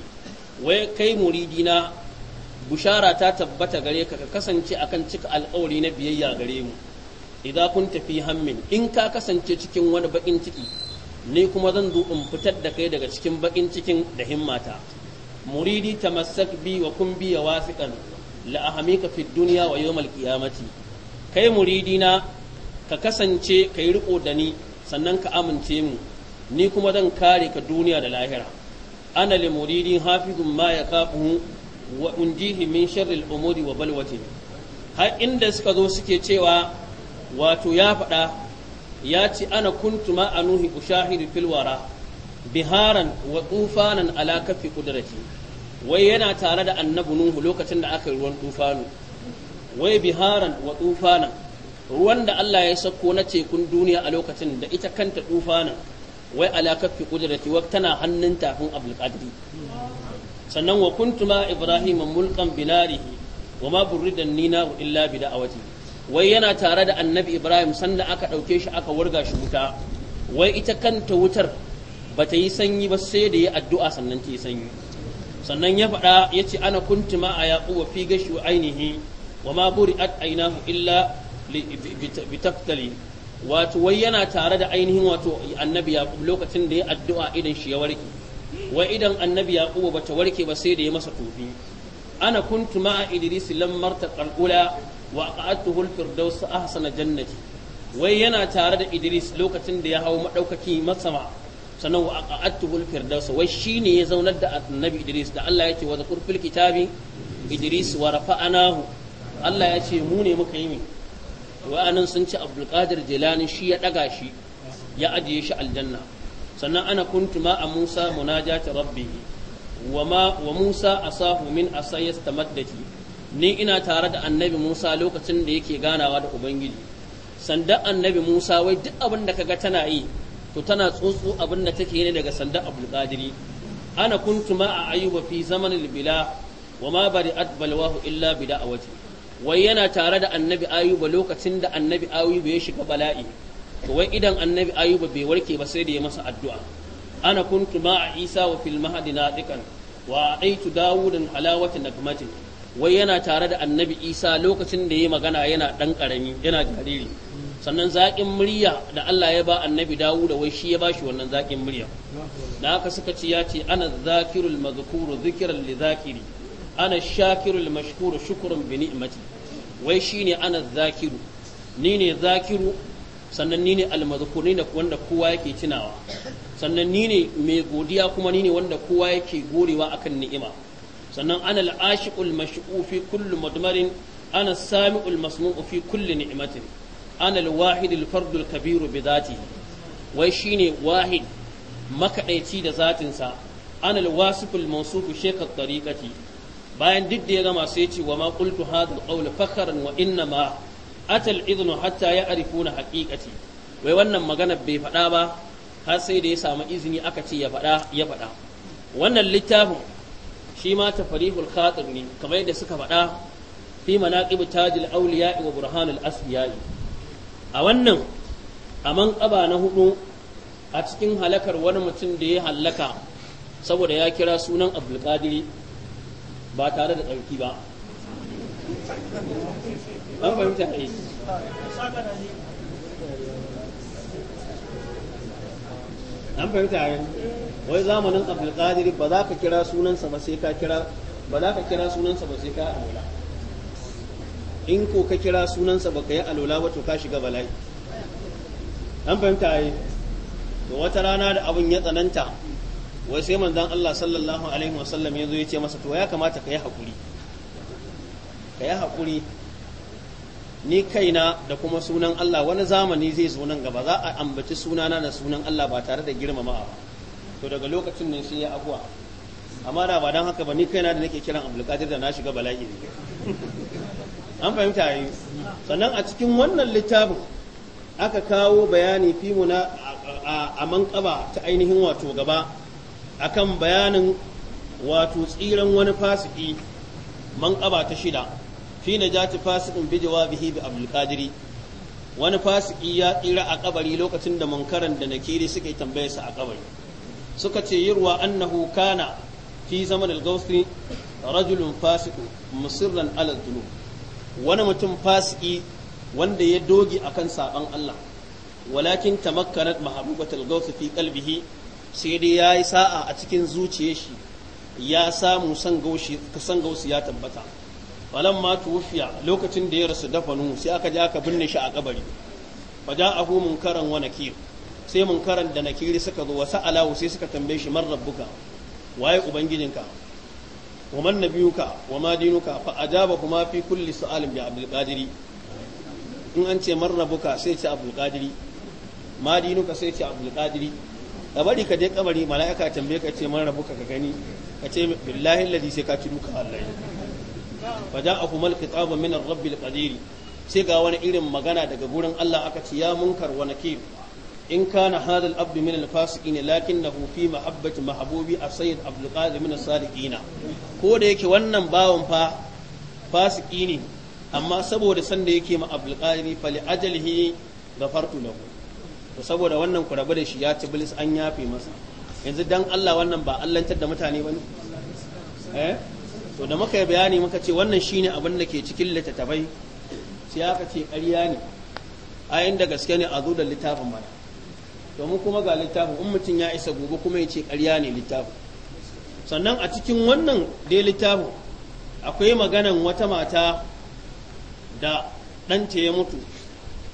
wai kai muridina bushara ta tabbata gare ka ka kasance akan cika alƙawari na biyayya gare mu idan kun tafi hammin in ka kasance cikin wani bakin ciki ni kuma zan zo in fitar da kai daga cikin bakin cikin da himmata muridi tamassak bi wa kun bi wasiqan la ahamika fi dunya wa yawmal qiyamati kai muridi na ka kasance kai riko da ni sannan ka amince mu ni kuma zan kare ka duniya da lahira ana li muridin hafizun ma kafu wa undihi min sharri al-umuri wa balwati har inda suka zo suke cewa wato ya faɗa ya ce ana kuntu ma nuhi ushahidu filwara biharan wa tsufanan alakafi kafi wai yana tare da annabi nuhu lokacin da aka yi ruwan tufanu wai biharan wa tsufanan ruwan da Allah ya sako na tekun duniya a lokacin da ita kanta tsufanan wai alakafi kafi kudrati wa tana hannun tafin abul qadri sannan wa kuntu ma ibrahima mulkan binarihi wa ma burridan nina illa bi da'awati wai yana tare da annabi ibrahim sanda aka ɗauke shi aka wurga shi wuta wai ita kanta wutar ba ta yi sanyi ba sai da ya addu'a sannan ta yi sanyi sannan ya faɗa ya ce ana kunti ma a yaƙu wa fi gashi wa ainihi wa ma buri at ainahu illa bitaftali wato wai yana tare da ainihin wato annabi yaƙub lokacin da ya addu'a idan shi ya warke wai idan annabi yaƙub ba ta warke ba sai da ya masa tofi ana kuntu ma a idris lammarta ƙalƙula wa qa'atuhu al-firdaus ahsana jannati wai yana tare da Idris lokacin da ya hau madaukaki masama sannan wa qa'atuhu al-firdaus wai shine ya zaunar da annabi Idris da Allah yake wa zakur fil kitabi Idris wa rafa'anahu Allah ya ce mu ne muka yi wa'anan sun ci Abdul Qadir Jilani shi ya daga shi ya ajiye shi aljanna sannan ana kuntu ma a Musa munajati rabbihi wa ma wa Musa asahu min asayas tamaddati ni ina tare da annabi Musa lokacin da yake ganawa da Ubangiji sandan annabi Musa wai duk abin da kaga tana yi to tana tsotso abin da take ne daga sandan Abdul Qadiri ana kuntu ma a ayyuba fi zaman bila wa ma bari'at balwahu illa bi wai yana tare da annabi Ayuba lokacin da annabi Ayuba ya shiga bala'i to wai idan annabi Ayuba bai warke ba sai da ya masa addu'a ana kuntu ma a Isa wa fil mahdi nadikan wa aitu Dawudan halawatan nagmatin wai yana tare da annabi isa lokacin da ya magana yana ɗan ƙarami yana jariri sannan zaƙin murya da Allah ya ba annabi da wai shi ya ba shi wannan zaƙin murya da haka suka ci ya ce ana zakirul mazkuru zikiran li zakiri ana shakirul mashkuru shukurun bi ni'mati wai shine ana zakiru ni ne zakiru sannan ni ne almazkur ni ne wanda kowa yake tunawa sannan ni ne mai godiya kuma ni ne wanda kowa yake gorewa akan ni'ima sannan ana al'ashiqul mash'u fi kulli mudmarin ana sami'ul masmu'u fi kulli ni'matin ana al-wahid kabiru bi wai shine wahid makadaici da zatin sa ana al-wasif al shaykh tariqati bayan duk da ya gama sai ya ce wa ma qultu hadha al-qawl fakhran wa inna ma atal idnu hatta ya'rifuna haqiqati wai wannan magana bai faɗa ba har sai da ya samu izini aka ce ya ya faɗa wannan littafin shi ma tafarihul khatir ne kamar yadda suka faɗa fi manaqib tajil awliya wa burhanul asbiya a wannan a manƙaba na hudu a cikin halakar wani mutum da ya halaka saboda ya kira sunan abdul qadiri ba tare da ɗauki ba an fahimta a an wai zamanin abdulkadir ba za ka kira sunansa ba sai ka kira ba za ka kira sunansa ba sai ka alola in ko ka kira sunansa ba ka yi alola ba to ka shiga bala'i an fahimta yi to wata rana da abin ya tsananta wai sai manzon Allah sallallahu alaihi wasallam ya zo ya ce masa to ya kamata ka yi hakuri ka yi hakuri ni kaina da kuma sunan Allah wani zamani zai zo nan gaba za a ambaci sunana da sunan Allah ba tare da girmama ba to daga lokacin nan sai ya afuwa amma da ba dan haka ba ni kaina da nake kiran abdulkadir da na shiga bala'i ne an fahimta yi sannan a cikin wannan littafin aka kawo bayani fi na a manƙaba ta ainihin wato gaba akan bayanin wato tsiran wani fasiki manƙaba ta shida fi na jati fasikin bi jawabihi bi abdulkadiri wani fasiki ya tsira a kabari lokacin da munkaran da nakiri suke tambaye su a kabari suka ce yirwa annahu kana fi zaman al-gawsi rajulun fasiku musirran ala dhunub wani mutum fasiki wanda ya doge akan saban Allah walakin tamakkanat mahabubatul gawsi fi qalbihi sai dai yayi sa'a a cikin zuciyar shi ya samu san gaushi san gausi ya tabbata falamma tuwfiya lokacin da ya rasu dafanu sai aka je aka binne shi a kabari faja'ahu munkaran wa nakir sai munkaran da nakiri suka zo wasu alawu sai suka tambaye shi man rabbuka waye ubangijinka wa man nabiyuka wa ma dinuka fa ajaba kuma fi kulli su'alin bi abdul qadiri in an ce man rabbuka sai ce abdul qadiri ma dinuka sai ce abdul qadiri da bari ka je kabari mala'ika tambaye ka ce man rabbuka ka gani ka ce billahi alladhi sai ka ci duka Allah fa ja'ahu mal kitabu min ar-rabbil qadir sai ga wani irin magana daga gurin Allah aka ce ya munkar wa nakir in kana hada al-abd min al-fasiqin lakinnahu fi mahabbati mahbubi as-sayyid abdul qadir min as-sadiqina ko da yake wannan bawan fa fasiki ne amma saboda san da yake ma abdul qadir fa li ajalihi ghafartu lahu to saboda wannan ku rabu da shi ya ci bilis an yafe masa yanzu dan Allah wannan ba allantar da mutane bane eh to da muka yi bayani muka ce wannan shine abin da ke cikin littattafai sai aka ce ƙarya ne ayin da gaske ne a zo da littafin mana domin kuma ga littafi in mutum ya isa gobe kuma ya ce ƙarya ne littafin sannan a cikin wannan dai littafin akwai maganan wata mata da ɗanta ya mutu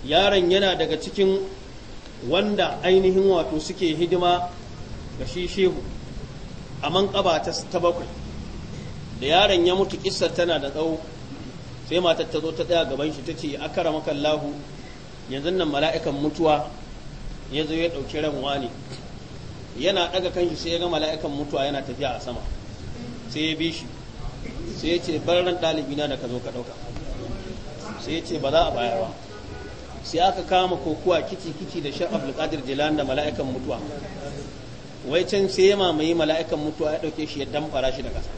yaron yana daga cikin wanda ainihin wato suke hidima ga shi shehu a manƙaba ta bakwai da yaron ya mutu kissar tana da tsawo sai matar ta zo ta tsaya gaban shi ta ce akara makallahu yanzu nan mala'ikan mutuwa ya zo ya ɗauki ran wani yana ɗaga kanshi sai ya ga mala'ikan mutuwa yana tafiya a sama sai ya bi shi sai ya ce bar ran ɗalibi na da ka zo ka ɗauka sai ya ce ba za a baya ba sai aka kama kokuwa kici kici da shan abdulkadir jilan da mala'ikan mutuwa wai can sai ya mamaye mala'ikan mutuwa ya ɗauke shi ya damfara shi da ƙasa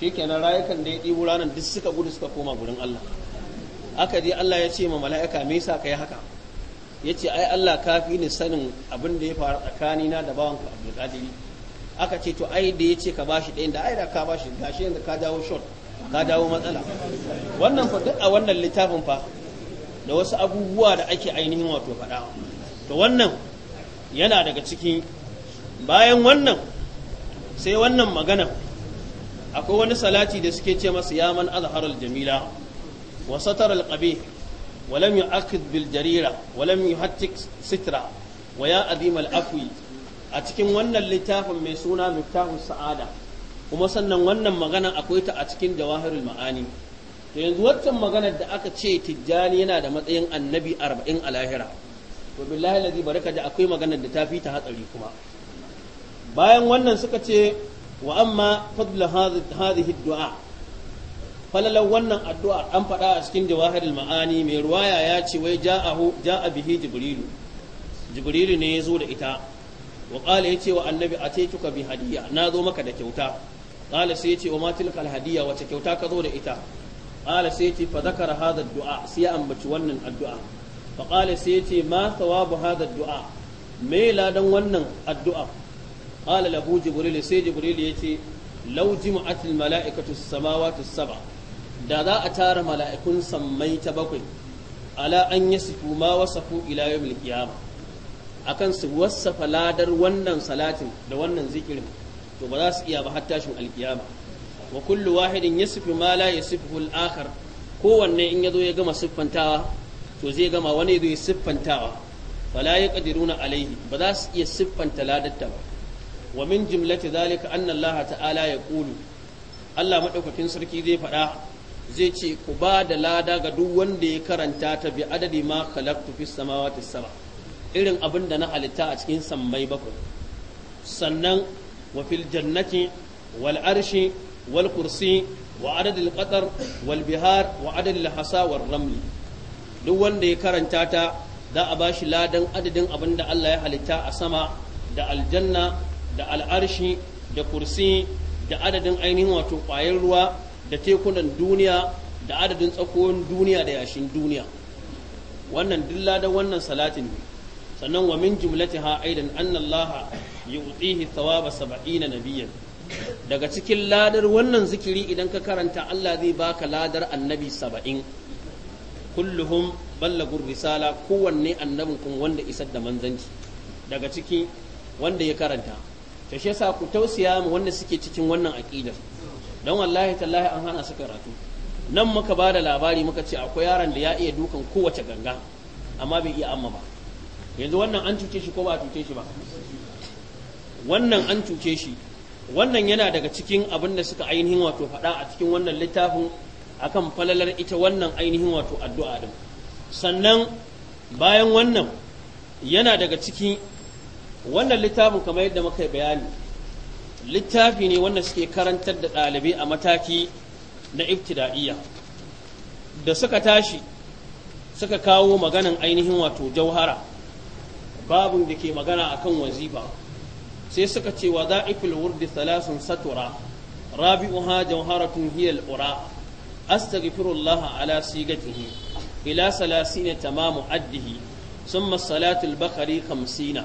shi kenan rayukan da ya ɗibu ranar duk suka gudu suka koma gurin allah aka je allah ya ce ma mala'ika me yasa ka yi haka ya ce ai Allah ka fi ni sanin abin da ya faru tsakanina da bawanka abdulkadiri aka ce to ai da ya ce ka bashi ɗayan da ai da ka bashi gashi yanzu ka dawo shot ka dawo matsala wannan fa duk a wannan littafin fa da wasu abubuwa da ake ainihin wato faɗa to wannan yana daga cikin bayan wannan sai wannan magana akwai wani salati da suke ce masa yaman azharul jamila wa satar al ولم يؤخذ بالجريرة ولم يهتك سترة ويا أديم الأفوي أتكن ونن اللتاف mai suna مفتاح السعادة kuma sannan wannan magana akwai ta a cikin jawahirul ma'ani ta yanzu waccan maganar da aka ce tijjani yana da matsayin annabi arba'in a lahira to billahi lazi bari ka ji akwai maganar da ta fi ta hatsari kuma bayan wannan suka ce wa amma fadla hadhihi du'a falalar wannan addu'a an faɗa a cikin jawaharil ma'ani mai ruwaya ya ce wai ja'ahu ja'a bihi jibrilu jibrilu ne ya zo da ita wa qala yace wa annabi atituka bi hadiya na zo maka da kyauta qala sai yace wa ma tilkal Hadiyya wace kyauta ka zo da ita qala sai yace fa zakara hadha du'a sai ya ambaci wannan addu'a fa qala sai yace ma thawabu hadha du'a me ladan wannan addu'a qala lahu jibril sai jibril yace law jima'at al mala'ikatu as-samawati as-sab'a da za a tara mala'ikun sammai ta bakwai ala an yi sifu ma wasafu ila milkiyama a kan su wasafa ladar wannan salatin da wannan zikirin to ba za su iya ba har tashin alkiyama wa kullu wahidin ya sifi ma la ya sifi al'akar kowanne in ya zo ya gama siffantawa to zai gama wani ya zo ya siffantawa fala ya kadiruna alaihi ba za su iya siffanta ladarta ba wa min jimlati zalika anna Allah ta'ala ya kulu Allah madaukakin sarki zai faɗa zai ce ku ba da lada ga duk wanda ya karanta ta bi adadi ma khalaqtu fis samawati saba irin abin da na halitta a cikin sammai bakwai sannan wa fil jannati wal arshi wal kursi wa adadil qatar wal bihar wa adadil hasa wal ramli duk wanda ya karanta ta za a bashi ladan adadin abin da Allah ya halitta a sama da aljanna da al'arshi da kursi da adadin ainihin wato ƙwayar ruwa da tekunan duniya da adadin tsakoyin duniya da yashin duniya wannan dilla da wannan salatin ne sannan wa min jumlatiha aidan anna allaha yu'tihi thawaba na nabiyyan daga cikin ladar wannan zikiri idan ka karanta Allah zai baka ladar annabi saba'in kulluhum ballagur risala kowanne annabin kun wanda isar da manzanci daga ciki wanda ya karanta ta shi yasa ku tausaya mu wanda suke cikin wannan aqidar don wallahi tallahi an hana su karatu nan muka ba da labari muka ce akwai yaron da ya iya dukan kowace ganga amma bai iya amma ba yanzu wannan an cuce shi ko ba a cuce shi ba wannan an cuce shi wannan yana daga cikin abin da suka ainihin wato faɗa a cikin wannan littafin akan falalar ita wannan ainihin wato addu'a din sannan bayan wannan yana daga ciki wannan littafin kamar yadda muka bayani littafi ne wanda suke karantar da ɗalibai a mataki na ibtida'iyya da suka tashi suka kawo maganan ainihin wato jauhara babin da ke magana akan wazifa sai suka ce wa za'ifil wurdi thalathun satura rabi'uha jawharatun hiya al-ura astaghfirullah ala sigatihi ila salasina tamamu addihi ثم الصلاة البقري خمسين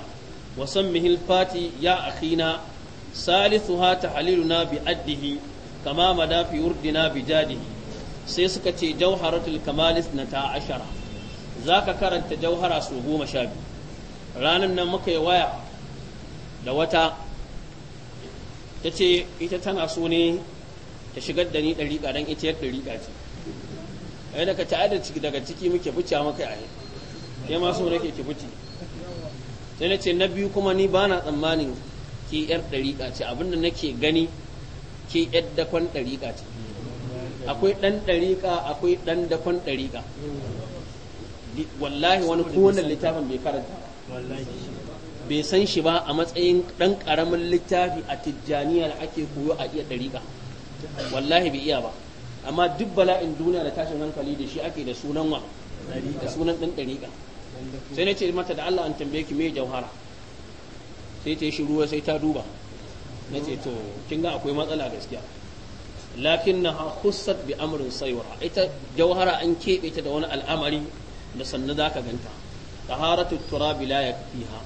وسمه الفاتي يا أخينا salisuha na bi addihi kama mada fi urdina bi jadihi sai suka ce jawharatul kamalis na ta ashara za ka karanta jauhara su goma sha biyu ranan nan muka yi waya da wata ta ce ita tana so ne ta shigar da ni ɗariƙa don ita yadda ɗariƙa ce ka ta adar ciki daga ciki muke buce maka a yi ya ma so nake ki buce sai na ce na biyu kuma ni ba na tsammanin ke yar ɗariƙa ce abinda nake gani ke yar dakon ɗariƙa ce akwai ɗan ɗariƙa akwai ɗan dakon ɗariƙa wallahi wani kowane littafin bai karanta bai san shi ba a matsayin ɗan ƙaramin littafi a tijjaniya da ake koyo a iya ɗariƙa wallahi bai iya ba amma duk bala'in duniya da tashin hankali da shi ake da sunan wa da sunan ɗan ɗariƙa sai na ce mata da Allah an tambaye ki me jauhara sai ta yi shiru sai ta duba na ce to kin ga akwai matsala gaskiya lakin na khussat bi amrin saiwa ita jauhara an keɓe ta da wani al'amari da sannu za ka ganta taharatu turabi la yakfiha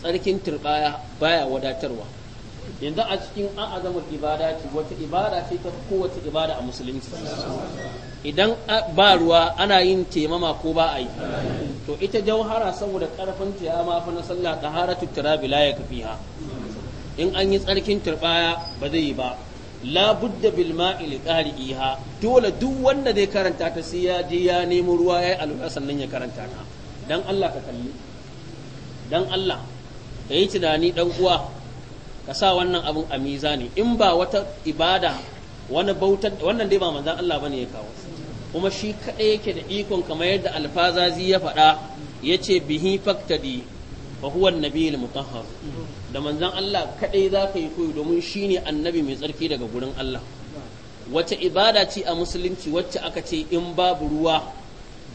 tsarkin turbaya baya wadatarwa yanzu a cikin an azamar ibada ce wata ibada ce ta kowace ibada a musulunci idan ba ruwa ana yin taimama ko ba a yi to ita jauhara saboda karfin ta ma fa na sallah taharatu turabi la yakfiha in an yi tsarkin turbaya ba zai yi ba la budda bil ma'il li dole duk wanda zai karanta ta sai ya je ya nemo ruwa ya alwala sannan ya karanta ta dan Allah ka kalli dan Allah ka yi tunani dan uwa ka sa wannan abun a mizani in ba wata ibada wani bautar wannan dai ba manzon Allah bane ya kawo kuma shi kaɗai yake da ikon kamar yadda alfazazi ya faɗa ya ce bihi faktadi fa huwa annabiyul mutahhar da manzon Allah kaɗai za ka yi koyo domin shi ne annabi mai tsarki daga gurin Allah wace ibada ce a musulunci wacce aka ce in babu ruwa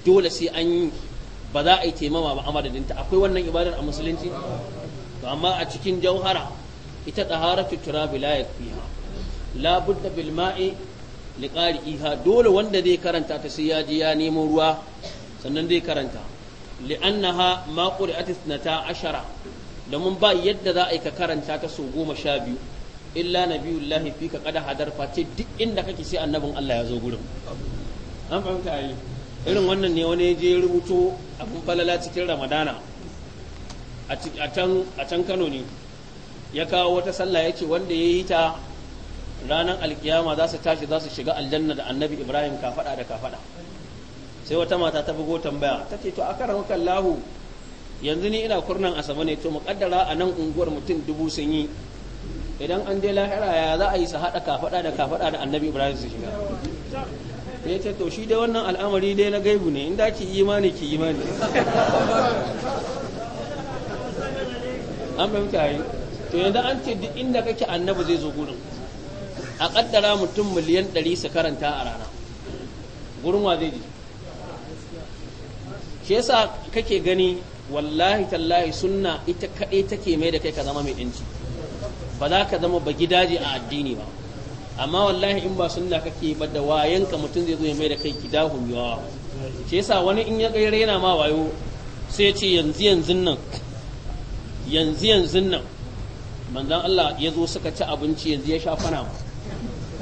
dole sai an yi ba za a yi taimama ba a madadinta akwai wannan ibadar a musulunci to amma a cikin jauhara ita taharatu turabi la yakfiha la budda bil ma'i iha dole wanda zai karanta ta sai ya ji ya nemo ruwa sannan zai karanta li'annaha ma na ta ashara domin ba yadda za a yi ka karanta ta so goma sha biyu illa nabiyullahi ka kada hadar face duk inda kake sai annabin Allah ya zo gurin an fahimta yi irin wannan ne wani je rubuto abin falala cikin ramadana a can Kano ne ya kawo wata sallah ya ce wanda ya yi ta ranar alkiyama za su tashi za su shiga aljanna da annabi ibrahim kafada da kafada sai wata mata ta bugo tambaya ta ce to akara maka lahu yanzu ni ina kurnan asaba ne to muƙaddara a nan unguwar mutum dubu sun yi idan an je lahira ya za a yi su haɗa kafada da kafada da annabi ibrahim su shiga ya ce to shi dai wannan al'amari dai na gaibu ne in da ki imani ki imani an fahimta yi to yanzu an ce duk inda kake annabi zai zo gurin a kaddara mutum miliyan ɗari su karanta a rana gurin wa zai ji shi yasa kake gani wallahi tallahi sunna ita kaɗai take mai da kai ka zama mai ɗinci ba za ka zama ba gidaje a addini ba amma wallahi in ba sunna kake ba da wayanka mutum zai zo ya mai da kai gida hunyawa shi yasa wani in ya kai yana ma wayo sai ce yanzu yanzu nan yanzu yanzu nan manzon Allah ya zo suka ci abinci yanzu ya sha fana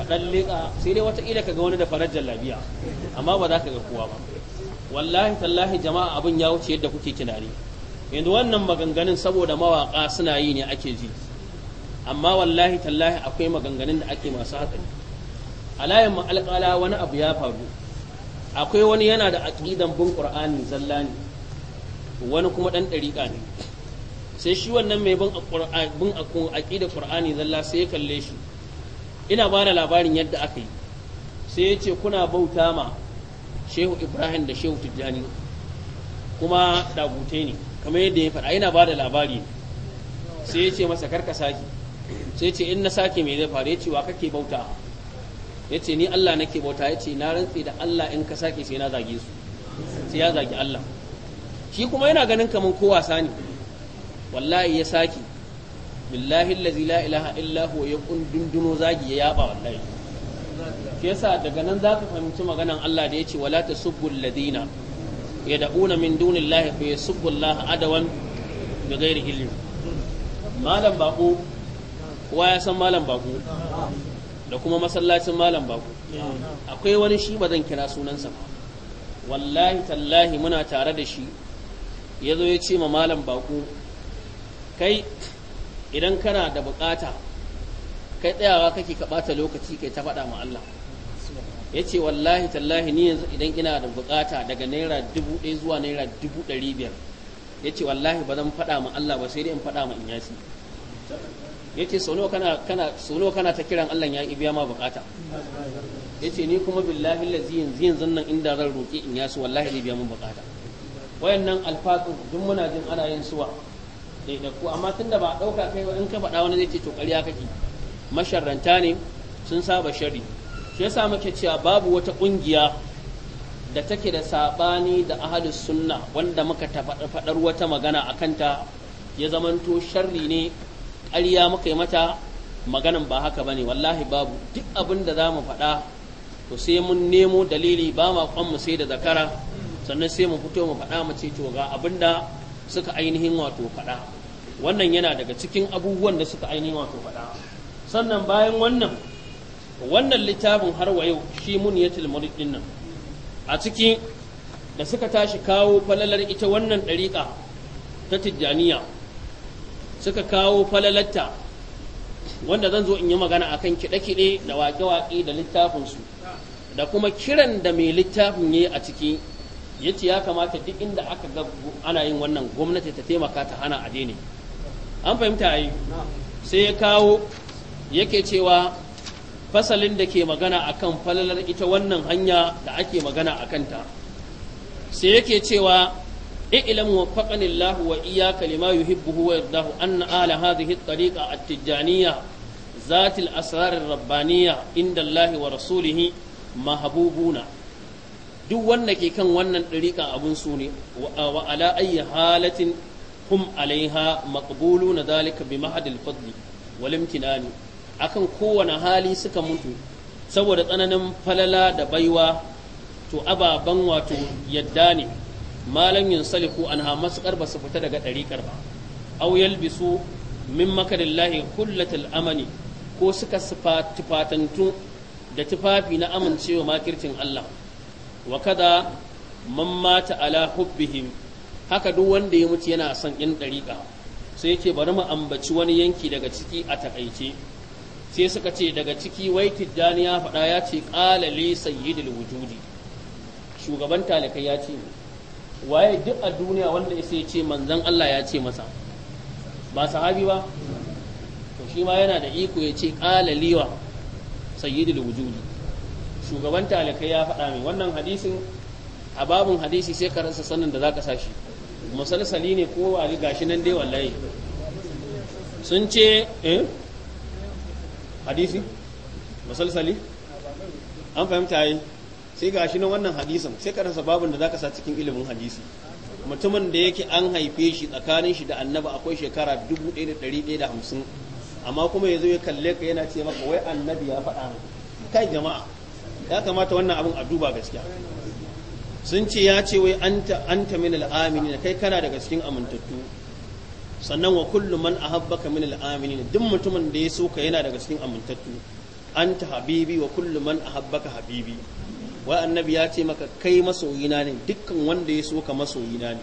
ka dan leka sai dai wata ila kaga wani da farar jallabiya amma ba za ka ga kowa ba wallahi tallahi jama'a abin ya wuce yadda kuke tunani yanzu wannan maganganun saboda mawaka suna yi ne ake ji amma wallahi tallahi akwai maganganun da ake masu hatsari a layin alƙala wani abu ya faru akwai wani yana da aƙidan bin ƙur'ani zalla wani kuma ɗan ɗariƙa ne sai shi wannan mai bin aƙida ƙur'ani zalla sai ya kalle shi ina ba da labarin yadda aka yi sai ya ce kuna bauta ma shehu ibrahim da shehu tijjani kuma dagute ne kamar yadda ya faɗa ina ba da labari sai ya ce masa karka sake sai ce in na sake me zai faru ya ce wa kake bauta ya ce ni allah nake bauta ya ce na rantse da allah in ka sake sai na zage su sai ya zagi allah shi kuma yana ganin kamar ko wasa ne wallahi ya sake billahi allazi la ilaha illa huwa ya dunduno zagi ya yaba wallahi shi yasa daga nan zaka fahimci maganan Allah da yace wala tasubbu alladina yad'una min dunillahi fa yasubbu Allah adawan bighairi ilmi malam bako kowa ya san malam bako da kuma masallacin malam bako akwai wani shi ba zan kira sunansa ba wallahi tallahi muna tare da shi yazo zo ya ce ma malam bako kai idan kana da bukata kai tsayawa kake ka bata lokaci kai ta faɗa ma Allah ya ce wallahi tallahi ni yanzu idan ina da bukata daga naira dubu ɗaya zuwa naira dubu ɗari biyar ya ce wallahi ba zan faɗa ma Allah ba sai dai in faɗa ma in yasi ya ce sono kana ta kiran Allah ya biya ma bukata ya ce ni kuma billahi lazi yanzu yanzu nan inda zan roƙi in yasi wallahi zai biya min bukata wayannan alfaƙin duk muna jin ana yin suwa ɗaiɗaiku amma tunda ba a ɗauka kai ba in ka faɗa wani zai ce to ƙarya kake masharranta ne sun saba shari shi yasa muke cewa babu wata ƙungiya da take da saɓani da ahalus sunna wanda muka faɗar wata magana a kanta ya zamanto sharri ne ƙarya muka yi mata maganan ba haka ba ne wallahi babu duk abin da za mu faɗa to sai mun nemo dalili ba ma kwanmu sai da zakara sannan sai mu fito mu faɗa mu ce to ga abin suka ainihin wato faɗa wannan yana daga cikin abubuwan da suka ainihin wato faɗa sannan bayan wannan wannan littafin har wa yau shi mun ya din nan a ciki da suka tashi kawo falalar ita wannan ɗariƙa ta tijjaniya suka kawo falalarta wanda zan zo in yi magana akan kiɗe-kiɗe da waƙe-waƙe da littafin su da kuma kiran da mai littafin ya a ciki ya ce ya kamata duk inda aka ga ana yin wannan gwamnati ta taimaka ta hana aje ne an fahimta yi sai ya kawo yake cewa fasalin da ke magana akan falalar ita wannan hanya da ake magana a kanta sai yake cewa i'lam wa faqanillahu wa iyyaka lima yuhibbu wa yardahu anna ala hadhihi at-tariqa at-tijaniyya ذات الأسرار الربانية عند الله ورسوله محبوبون duk wanda ke kan wannan ɗariƙa abin su ne wa ala ayyi halatin hum alaiha maqbulu na zalika bi mahadil fadli ne a akan kowane hali suka mutu saboda tsananin falala da baiwa to ababen wato yadda ne malam yin saliku an ha matuƙar ba su fita daga ɗariƙar ba au yalbisu min makarillahi kullatul amani ko suka tufatantu da tufafi na amincewa makircin Allah wa kada man mata ala hubbihim haka duk wanda ya mutu yana son yan dariƙa sai yake bari mu ambaci wani yanki daga ciki a takaice sai suka ce daga ciki wai tijjani ya faɗa ya ce ƙala li sayyidul wujudi shugaban talikai ya ce waye duk a duniya wanda ya sai ce manzon Allah ya ce masa ba sahabi ba to shi ma yana da iko ya ce ƙala liwa sayyidul wujudi shugaban talikai ya faɗa min wannan hadisin a babin hadisi sai ka rasa sanin da za ka sashi musalsali ne ko a gashi nan dai wallahi sun ce eh hadisi musalsali an fahimta yi sai gashi nan wannan hadisin sai ka rasa babin da za ka sa cikin ilimin hadisi mutumin da yake an haife shi tsakanin shi da annabi akwai shekara 1150 amma kuma yazo ya kalle ka yana ce maka wai annabi ya faɗa kai jama'a ya kamata wannan abin a duba gaskiya sun ce ya ce wai anta anta min al-aminin kai kana daga cikin amintattu sannan wa kullu man ahabbaka min al-aminin duk mutumin da ya so yana daga cikin amintattu anta habibi wa kullu man ahabbaka habibi wa annabi ya ce maka kai masoyina ne dukkan wanda ya so ka masoyina ne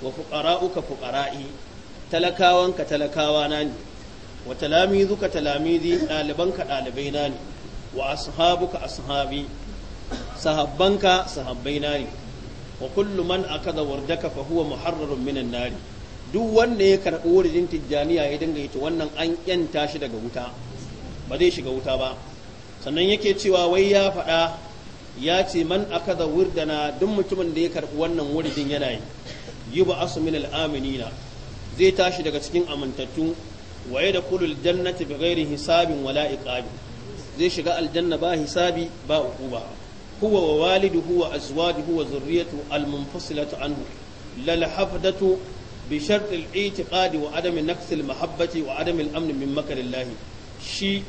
wa fuqara'uka fuqara'i talakawanka talakawana ne wa talamizuka talamizi ɗalibanka ɗalibaina ne wa ashabuka ashabi sahabbanka sahabbaina ne wa kullu man akada wardaka fa huwa muharrarun minan nari duk wanda ya karɓi wurin tijjaniya ya dinga yace wannan an yanta shi daga wuta ba zai shiga wuta ba sannan yake cewa wai ya faɗa ya ce man akada wurdana duk mutumin da ya karɓi wannan wurin yana yi yi ba asu min al'aminina zai tashi daga cikin amintattu waye da kulul jannati bi ghairi hisabin wala iqabi zai shiga aljanna ba hisabi ba uquba huwa wa waliduhu wa azwajuhu wa zurriyatu al-munfasilatu anhu lal hafdatu bi shart al-i'tiqad wa adam naqs al-mahabbati wa adam al-amn min shi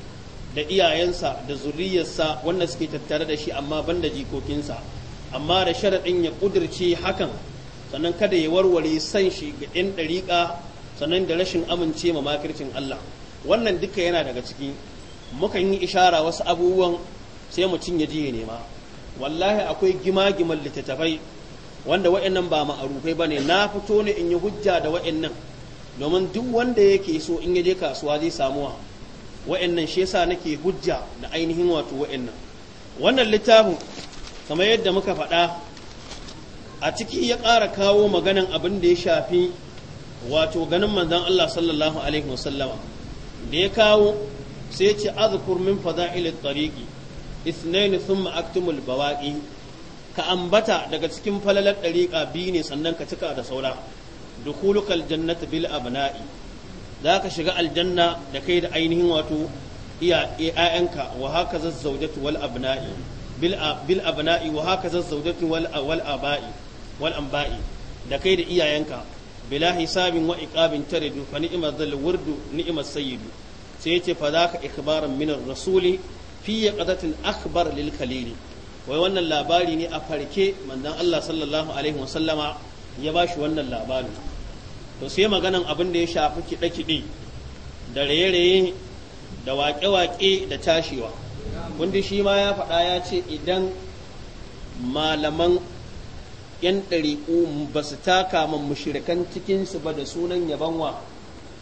da iyayensa da zuriyarsa wanda suke tattare da shi amma banda jikokinsa amma da sharadin ya kudirce hakan sannan kada ya warware san shi ga ɗan ɗariƙa sannan da rashin amince ma makircin Allah wannan duka yana daga cikin mukan yi ishara wasu abubuwan sai mutum ya ji ya nema wallahi akwai gima-giman littattafai wanda wa'annan ba ma'arufai ba ne na fito ne in yi hujja da wa'annan domin duk wanda yake so in ya je kasuwa zai samuwa wa'annan shi yasa nake hujja da ainihin wato wa'annan wannan littafin kamar yadda muka faɗa a ciki ya ƙara kawo maganan abin da ya shafi wato ganin manzon Allah sallallahu alaihi wasallama da ya kawo sai ce azkur min fada'il at-tariqi ithnain thumma aktumul bawaqi ka ambata daga cikin falalar dariqa biyu ne sannan ka cika da saura dukhulukal jannati bil abna'i zaka shiga aljanna da kai da ainihin wato iya ƴaƴanka wa haka zazzaujatu wal abna'i bil bil abna'i wa haka zazzaujatu wal wal aba'i wal anba'i da kai da iyayenka bila hisabin wa iqabin taridu fa ni'mal dhal wurdu ni'mas sayyidu sai ce fa za ka ikibarin minar rasuli fi ƙadatin akbar lil kalili wai wannan labari ne a farke manzon Allah sallallahu alaihi wa sallama ya bashi wannan labari to sai maganan abin da ya shafi kiɗe kiɗe da raye-raye da waƙe-waƙe da tashiwa wanda shi ma ya faɗa ya ce idan malaman 'yan ɗariƙu ba su taka man cikinsu ba da sunan yabanwa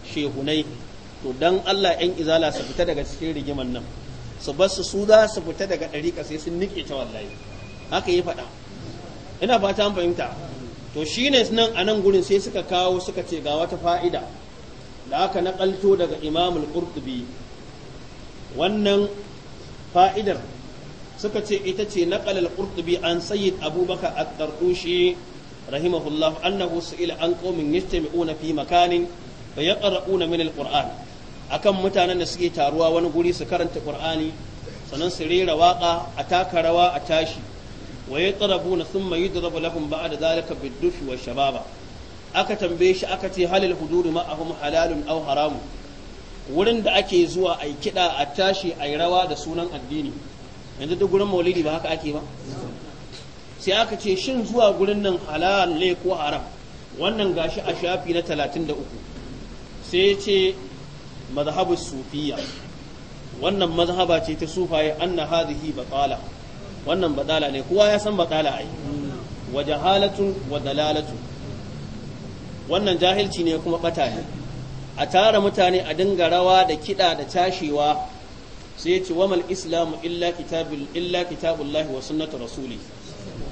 shehunai to dan Allah yan izala su fita daga cikin rigiman nan su bar su su za su fita daga ɗari sai sun nike ta wallahi haka yi faɗa ina fata an fahimta to shine nan a nan gurin sai suka kawo suka ce ga wata fa'ida da aka naƙalto daga imamul qurtubi wannan fa'idar suka ce ita ce naqal al an sayyid abubakar at rahimahullahu rahimahullah annahu su'ila an qaumin yastami'una fi makanin fa yaqra'una min al-qur'an akan mutanen da suke taruwa wani guri su karanta qur'ani sannan su rera waka a taka rawa a tashi wa na thumma yudrabu lahum ba'da zalika bid-dufi wa shababa aka tambaye shi aka ce halal hududu ma'ahum halalun aw haramun wurin da ake zuwa a yi a tashi a yi rawa da sunan addini yanzu duk gurin maulidi ba haka ake ba sai aka ce shin zuwa gurin nan halal ne ko haram wannan gashi a shafi na 33 sai ce mazhabu sufiya wannan mazhaba ce ta sufaye anna hadhihi batala wannan batala ne kowa ya san batala ai wa jahalatu wa dalalatu wannan jahilci ne kuma bata ne a tara mutane a dinga rawa da kiɗa da cashewa sai ce wamal islam illa kitabul illa kitabullahi wa sunnatu rasuli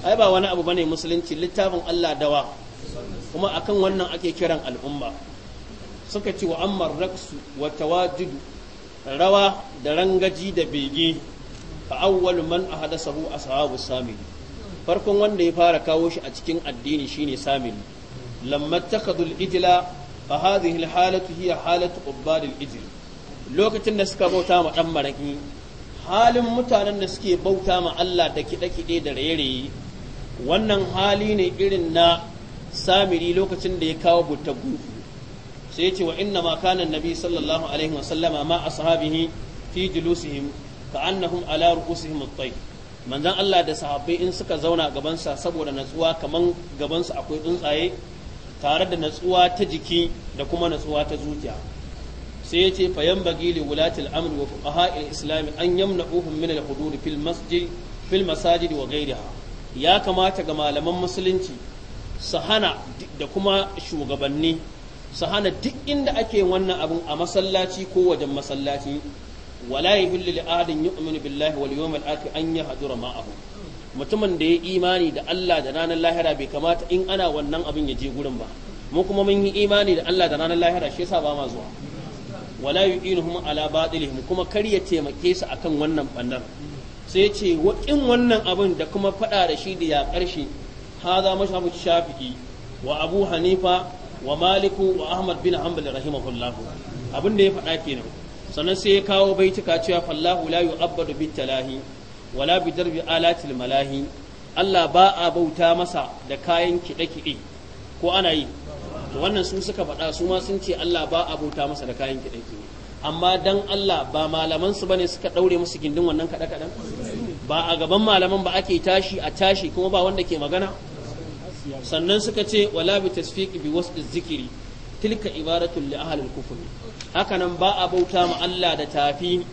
ai ba wani abu bane musulunci littafin Allah dawa kuma akan wannan ake kiran al'umma suka ce wa ammar raksu wa tawajidu rawa da rangaji da bege fa awwalu man ahdathahu ashabu samiri farkon wanda ya fara kawo shi a cikin addini shine samiri lamma takhadhu al-ijla fa hadhihi al-halatu hiya halatu ubbad al-ijl lokacin da suka bauta ma dan maraki halin mutanen da suke bauta ma Allah da kiɗe-kiɗe da raye-raye wannan hali ne irin na samiri lokacin da ya kawo butagufi sai yace wa inna ma sallallahu alaihi wa sallama ma ashabihi fi julusihim ka annahum ala ru'usihim at-tayy manzon Allah da sahabbai in suka zauna gaban sa saboda natsuwa kaman gaban sa akwai tsuntsaye tare da natsuwa ta jiki da kuma natsuwa ta zuciya sai yace fa yanbaghi li wulatil amr wa fuqaha islam an yamna'uhum min al-hudud fil masjid fil masajid wa ghayriha ya kamata ga malaman musulunci su hana da kuma shugabanni su hana duk inda ake wannan abin a masallaci ko wajen masallaci wala yahillu li adin yu'minu billahi wal yawmil akhir an yahdura ma'ahu mutumin da ya imani da Allah da ranar lahira bai kamata in ana wannan abin ya je gurin ba mu kuma mun yi imani da Allah da ranar lahira shi yasa ba ma zuwa wala yu'inuhum ala batilihim kuma kar ya taimake su akan wannan bannar sai ce waƙin wannan abin da kuma faɗa da shi da ya ƙarshe haza mashabu shafi'i wa abu hanifa wa maliku wa ahmad bin hanbal rahimahullah abin da ya faɗa kenan sannan sai ya kawo baitika cewa fallahu la yu'abbadu bit talahi wala bi darbi alatil malahi Allah ba a bauta masa da kayan kiɗe-kiɗe ko ana yi to wannan su suka faɗa su ma sun ce Allah ba a bauta masa da kayan kiɗe-kiɗe amma dan Allah ba malaman su bane suka daure musu gindin wannan kaɗe-kaɗen ba a gaban malaman ba ake tashi a tashi kuma ba wanda ke magana sannan suka ce wala bi tasfiq bi wasd zikiri tilka ibaratul li ahli al hakanan ba a bauta ma Allah da tafi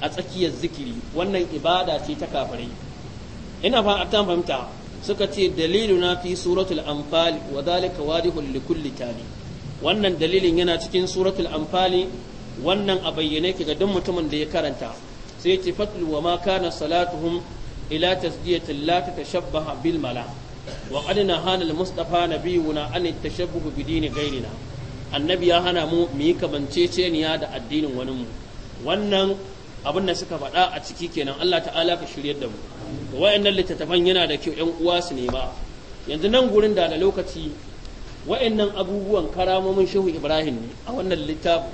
a tsakiyar zikiri wannan ibada ce ta kafare ina fa ta fahimta suka ce daliluna fi suratul anfal wa dhalika wadihul li kulli tali wannan dalilin yana cikin suratul anfal wannan a bayyane ga duk mutumin da ya karanta sai ya ce fatlu wa ma kana salatuhum ila tasdiyatin la tatashabbaha bil mala' wa qad nahana al-mustafa nabiyuna an tashabbuh bi dini ghayrina annabi ya hana mu mu yi kamanceceniya da addinin wani mu wannan abin da suka faɗa a ciki kenan Allah ta'ala ka shiryar da mu wa'annan littattafan yana da kyau yan uwa su nema yanzu nan gurin da da lokaci wa'annan abubuwan karamomin shehu ibrahim ne a wannan littafin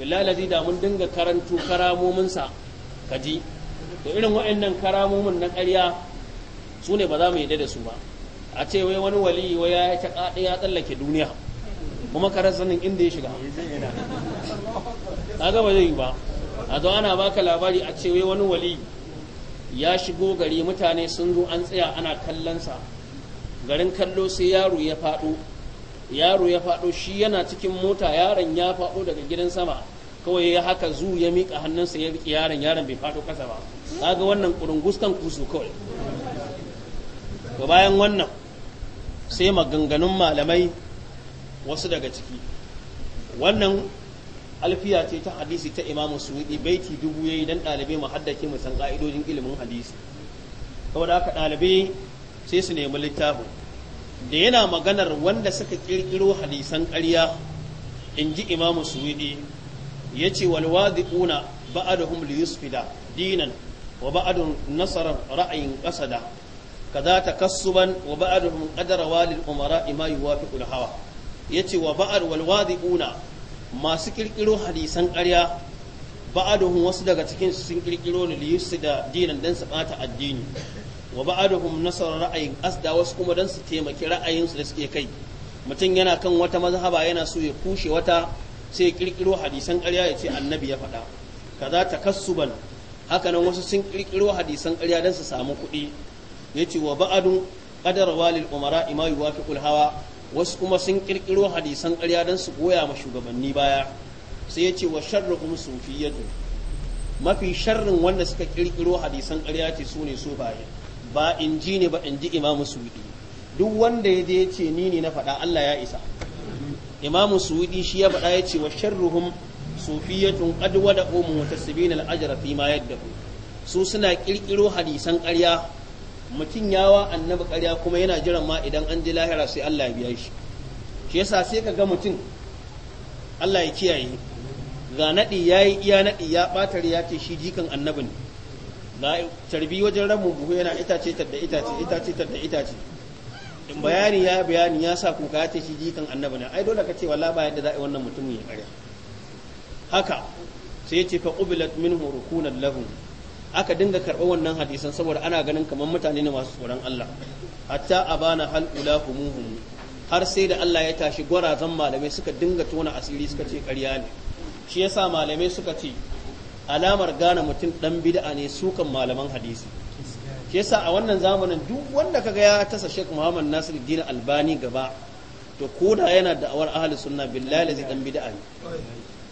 billahi da mun dinga karanto karamominsa kaji to irin wa'annan karamomin na ƙarya su ne ba za mu yi da su ba a ce wai wani wali wai ya ta kaɗe ya tsallake duniya kuma karar sanin inda ya shiga kaga ba zai yi ba a zo ana baka labari a ce wai wani wali ya shigo gari mutane sun zo an tsaya ana kallonsa garin kallo sai yaro ya faɗo yaro ya faɗo shi yana cikin mota yaron ya faɗo daga gidan sama kawai ya haka zu ya miƙa hannunsa ya riƙe yaron yaron bai fado kasa ba kaga wannan kurunguskan kusu kawai to bayan wannan sai maganganun malamai wasu daga ciki wannan alfiya ce ta hadisi ta imamu suwidi baiti dubu yayi dan ɗalibai mu haddake mu san ka'idojin ilimin hadisi da aka ɗalibai sai su nemi littafi da yana maganar wanda suka kirkiro hadisan ƙarya in ji imamu suwidi ya ce da ba'aduhum li yusfida dinan wa ba'adun nasarar ra'ayin ƙasada kaza takassuban wa ba'aduhum qadara walil umara ima yuwafiqu al hawa yace wa ba'ad wal wadiuna masu kirkiro hadisan ƙarya ba'aduhum wasu daga cikin sun kirkiro ne da dinan dan su bata addini wa ba'aduhum nasara ra'ayin asda wasu kuma dan su taimaki ra'ayin su da suke kai mutum yana kan wata mazhaba yana so ya kushe wata sai kirkiro hadisan ƙarya ya ce annabi ya faɗa kaza takassuban hakanan wasu sun kirkiro hadisan ƙarya dan su samu kuɗi ya ce wa ba'adun kadar walil umara ima yuwafiqul hawa wasu kuma sun kirkiro hadisan ƙarya don su goya ma shugabanni baya sai ya ce wa sharrukum sufiyatu mafi sharrin wanda suka kirkiro hadisan ƙarya ce su ne su baye ba in ji ne ba in ji imamu suwidi duk wanda ya je ce ni ne na faɗa Allah ya isa imamu suwidi shi ya faɗa ya ce wa sharruhum sufiyatun qad wada'u mutasibina al-ajra fi ma yaddahu su suna kirkiro hadisan ƙarya mutum yawa annabi karya kuma yana jiran ma idan an ji lahira sai Allah ya biya shi shi yasa sai ka ga mutum Allah ya kiyaye ga naɗi ya yi iya naɗi ya bata ya ce shi jikan annabi ne ga tarbi wajen ramu buhu yana itace tadda itace itace tadda itace in bayani ya bayani ya sa kuka ya ce shi jikan annabi ne ai dole ka ce wallahi ba yadda za a wannan mutumin ya karya haka sai ya ce fa qubilat minhu rukunan lahu aka dinga karɓar wannan hadisan saboda ana ganin kamar mutane ne masu tsoron Allah hatta abana hal ulahumuhum har sai da Allah ya tashi gwarazan malamai suka dinga tona asiri suka ce ƙarya ne shi yasa malamai suka ce alamar gane mutum dan bid'a ne sukan malaman hadisi shi yasa a wannan zamanin duk wanda kaga ya tasa Sheikh Muhammad Nasir Dina Albani gaba to koda yana da'awar ahli sunna billahi lazi dan bid'a ne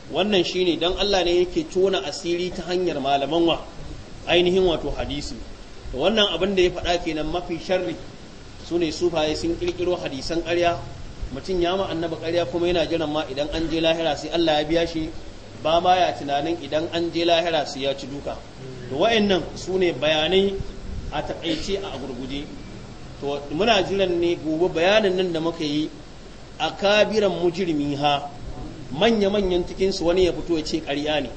wannan shine dan Allah ne yake tona asiri ta hanyar malaman wa ainihin wato hadisi to wannan abin da ya faɗa kenan mafi sharri su ne sufaye sun kirkiro hadisan ƙarya mutum ya ma annaba ƙarya kuma yana jiran ma idan an je lahira sai Allah ya biya shi ba ma ya tunanin idan an je lahira sai ya ci duka to wayannan su ne bayanai a taƙaice a gurguje to muna jiran ne gobe bayanin nan da muka yi a kabiran mujirmi ha manya-manyan cikinsu wani ya fito ya ce ƙarya ne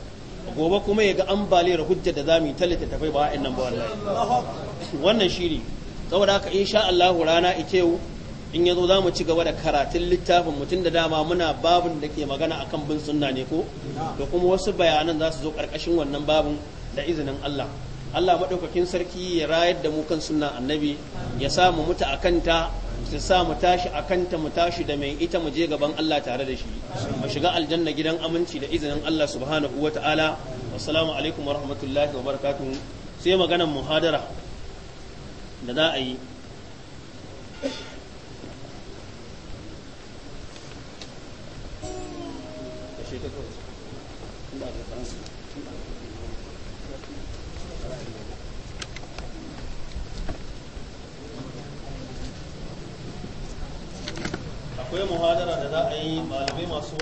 gobe kuma ya ga ambaliyar hujjar da zamu yi ta littattafai ba wa'annan ba wallahi wannan shiri saboda haka insha Allah rana ita yau in yazo za mu ci gaba da karatun littafin mutum da dama muna babin da ke magana akan bin sunna ne ko da kuma wasu bayanan za su zo karkashin wannan babin da izinin Allah Allah madaukakin sarki ya rayar da mu kan sunna annabi ya sa mu mutu akanta su sa mu tashi a kanta mu tashi da mai ita mu je gaban Allah tare da shi mu shiga aljanna gidan aminci da izinin Allah subhanahu wa ta'ala assalamu alaikum wa rahmatullahi wa barakatuhu sai maganan muhadara da za a yi Thank you. akwai muhadara da za a yi malamai masu